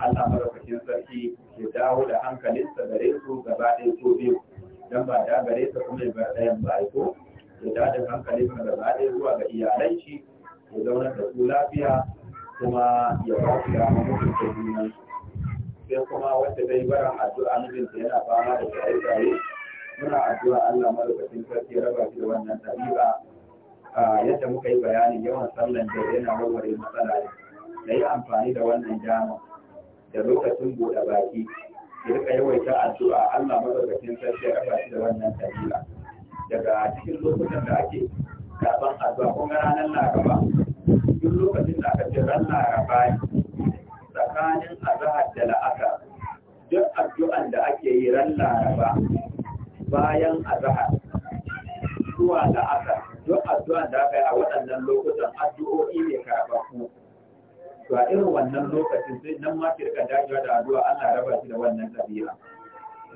Speaker 1: Allah madaukakin sarki ya dawo da hankalinsa gare su gaba ɗaya ko biyu Don ba da gare sa kuma ya ɗayan ba ko ya da da hankalinsa gaba ɗaya zuwa ga iyalai shi ya zauna da su lafiya kuma ya ba su dama mutunta juna sai kuma wanda zai barin addu'a mijinta yana fama da tsaye-tsaye muna addu'a Allah madaukakin sarki ya raba shi da wannan tabi'a yadda muka yi bayani yawan sallan da yana warware matsala ne da yi amfani da wannan jama'a da lokacin buɗe baki ya rika yawaita addu'a Allah madaukakin sarki ya kafa shi da wannan kabila daga cikin lokutan da ake karban addu'a ko ga ranar Laraba duk lokacin da aka ce ran Laraba tsakanin azahar da la'aka duk addu'an da ake yi ran Laraba bayan azahar zuwa la'aka duk addu'an da aka yi a waɗannan lokutan addu'o'i ne karɓaku to a irin wannan lokacin sai nan ma ki rika dajiya da addu'a Allah ya raba ki da wannan tabiya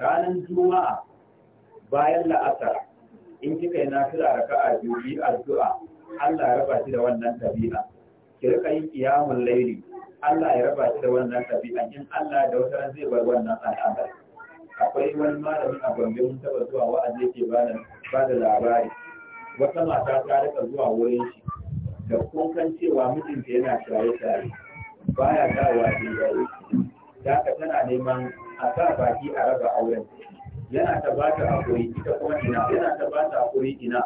Speaker 1: ranar juma'a bayan la'asar in kika yi nafila raka'a biyu yi addu'a Allah ya raba ki da wannan tabiya ki rika yin qiyamul layli Allah ya raba ki da wannan tabiya in Allah da wata ran zai bar wannan al'ada akwai wani malamin a Gombe mun taba zuwa wa'azi yake ba da labari wata mata ta rika zuwa wurin shi da kan cewa mijinta yana shaye-shaye baya dawowa daidai da ka tana neman a sa baki a raba auren yana ta ba ta hakuri ita kuma ina yana ta ba ta hakuri ina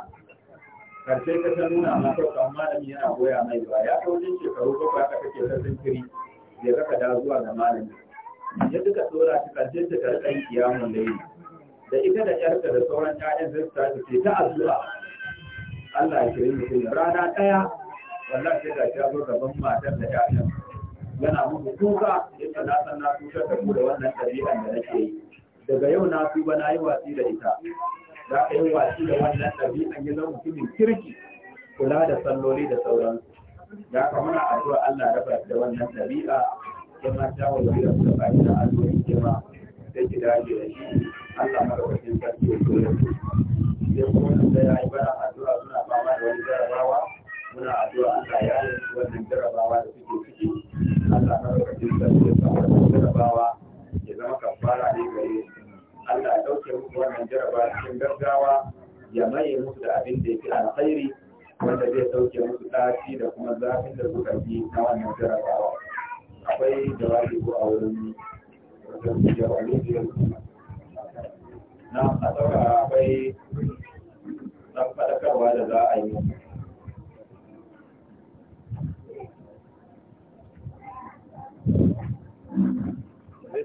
Speaker 1: karshe ka ta nuna kan malami yana goya mai ba ya ta wajen shekaru bakwai aka kake ta zinkiri da ka da zuwa ga malami ya duka tsora ta karshe ta karɓa yi kiyamun laili da ita da yarta da sauran ƴaƴan zai ta ce ta addu'a Allah ya kiri mutum rana ɗaya wallahi sai ga a zo gaban matar da ƴaƴan yana muku yadda na san na tushar da ku da wannan ɗabi'an da nake yi daga yau na tuba na yi watsi da ita za ka yi watsi da wannan ɗabi'an ya zama mutumin kirki kula da salloli da sauransu ya ka muna addu'a Allah raba da wannan ɗabi'a ya ma ta wa da suka bayi na addu'a ke ma sai ki dage da shi Allah madaukakin sarki ya so ya sai kuma da ya yi bana addu'a suna fama da wani jarabawa muna addu'a Allah ya yi wannan jarabawa da suke ciki Allah ka ɗauki sarki da wannan jarabawa ya zama kafara ne gare Allah ya ɗauke muku wannan jarabawa cikin gaggawa ya maye musu da abin da ya fi alkhairi wanda zai ɗauke musu ɗaci da kuma zafin da suka fi na wannan jarabawa akwai jawabi ko a wurin wajen jawabi da na a saura akwai ɗan faɗakarwa da za a yi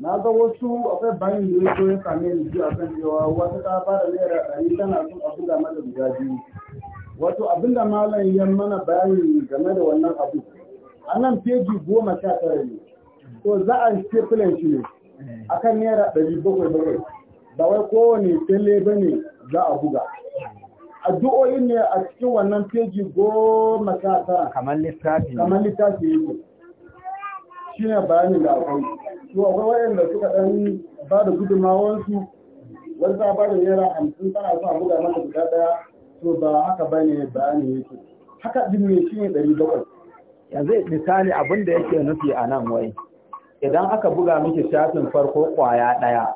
Speaker 1: na ga wasu akwai bayan da ya ya same ni biyu kan cewa wata ta fara naira ɗari tana son a buga mata guda biyu wato abinda malam ya mana bayani game da wannan abu a nan feji goma sha tara ne to za a filin shi ne a kan naira ɗari bakwai bakwai ba wai kowane tele ba ne za a buga A addu'o'i ne a cikin wannan feji goma sha tara kamar littafi kamar littafi ne shine bayanin da akwai to akwai da suka ɗan ba da gudunmawarsu wani ta ba da naira hamsin tana so buga mata guda ɗaya to ba haka ba ne ba ne yake haka din ne shi ne ɗari bakwai yanzu misali abin da yake nufi a nan wai idan aka buga miki shafin farko kwaya ɗaya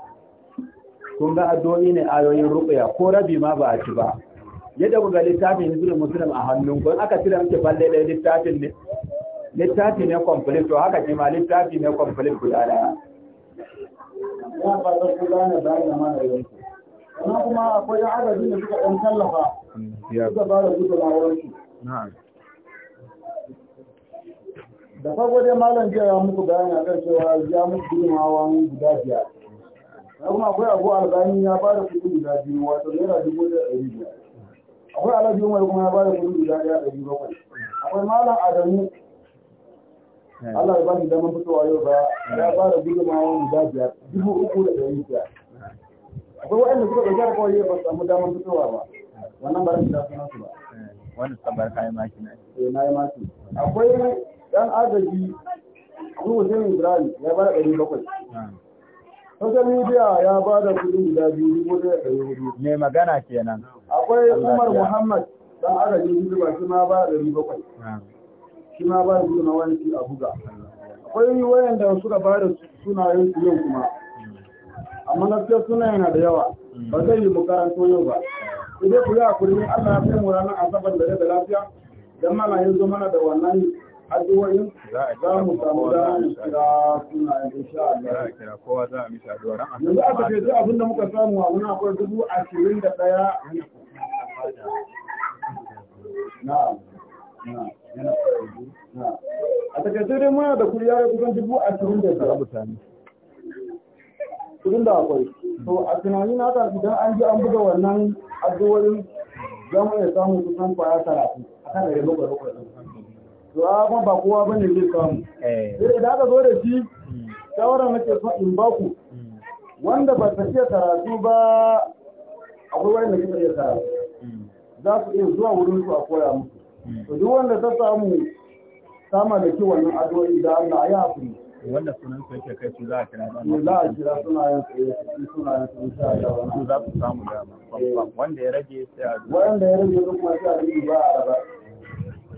Speaker 1: kun ga addu'o'i ne ayoyin rukuya ko rabi ma ba a ci ba yadda kuka littafin hizbul muslim a hannun kun aka cire miki balle ɗaya littafin ne littafi ne complete to haka ce ma littafi ne complete guda daya ya fata gane bayan malamin ku sannan kuma akwai adadin da suka ɗan tallafa mm, suka ba da gudu lawarsu da farko dai malam jiya ya muku bayani a kan cewa ya muku gudunmawa guda biyar na kuma akwai abu albani ya ba da kuɗi guda biyu wato naira dubu da ɗari biyar akwai alhaji umar kuma ya ba da kuɗi guda ɗaya ɗari bakwai akwai malam adamu Eh. Allah ya bani damar fitowa yau ba ya ba da gudunmawa guda biyar dubu uku da ɗari biyar akwai waɗanda suka ɗauki alkawari ba su samu damar fitowa ba wannan ba rashin dafa su ba eh, wanda suka bar kayan maki na eh na yi maki akwai ɗan agaji su Hussein Ibrahim ya bada ɗari bakwai hmm. social media ya ba da kuɗi guda biyu dubu ɗaya ɗari hudu mai magana kenan akwai Umar Muhammad ɗan agaji Hizba shi ma ba da ɗari bakwai hmm. shi ma ba da suna wani su a buga akwai wayan da suka ba da sunayen su yau kuma amma na gaskiya suna yana da yawa ba zai yi makaranto yau ba idan ku yi a in Allah ya kai mu ranar asabar da da lafiya don mana yanzu mana da wannan addu'o'in za mu samu da kira sunayen insha Allah kira kowa za a misa addu'a ran yanzu aka ce duk abinda muka samu a muna akwai dubu ashirin da ɗaya na'am na'am a takaice dai muna da kuri ya kusan dubu ashirin da biyar mutane kudin da akwai to a tunani na ta idan an ji an buga wannan addu'o'in za mu iya samu kusan kwaya talatin a kan ɗari bakwai bakwai to a kuma ba kowa ne zai samu eh. sai idan aka zo da shi shawara nake son in baku wanda ba ta iya karatu ba akwai wani wanda kuma iya karatu hmm. za su iya zuwa wurin su a koya musu duk wanda ta samu sama da ki wannan addu'o'i da Allah ya hafi wanda sunan su yake kai su za a kira ba. Allah za a kira yin su suna yin su insha Allah su za su samu dama eh. wanda ya rage sai a duba wanda ya rage duk ma sai a duba a raba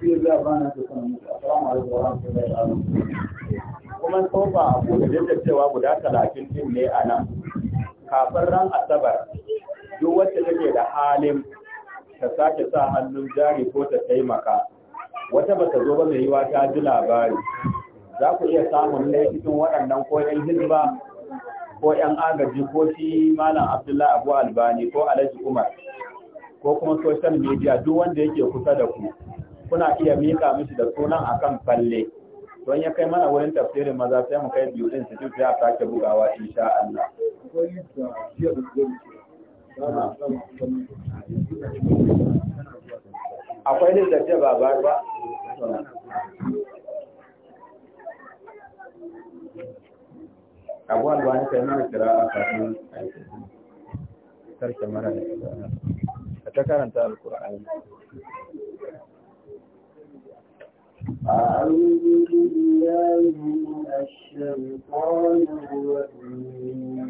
Speaker 1: shi za a bana su sanin assalamu alaikum wa rahmatullahi wa barakatuh kuma sofa ko da cewa guda talatin din ne a nan kafin ran asabar duk wacce take da halin ka sake sa hannun jari ko ta taimaka wata ba ta zo ba mai yi wata ji labari za ku iya samun ne cikin waɗannan ko ‘yan hizba ko ‘yan agaji ko shi malam abdullahi abu albani ko alhaji umar ko kuma social media duk wanda yake kusa da ku kuna iya mika mishi da sunan akan falle don ya kai mana wurin tafsirin maza sai mu kai biyu din su ya sake bugawa insha akwai lissafce ba ba ba abuwa da wani kai mana kira a kafin aiki sarki mara da kira a ta karanta alkur'ani أعوذ بالله من الشيطان الرجيم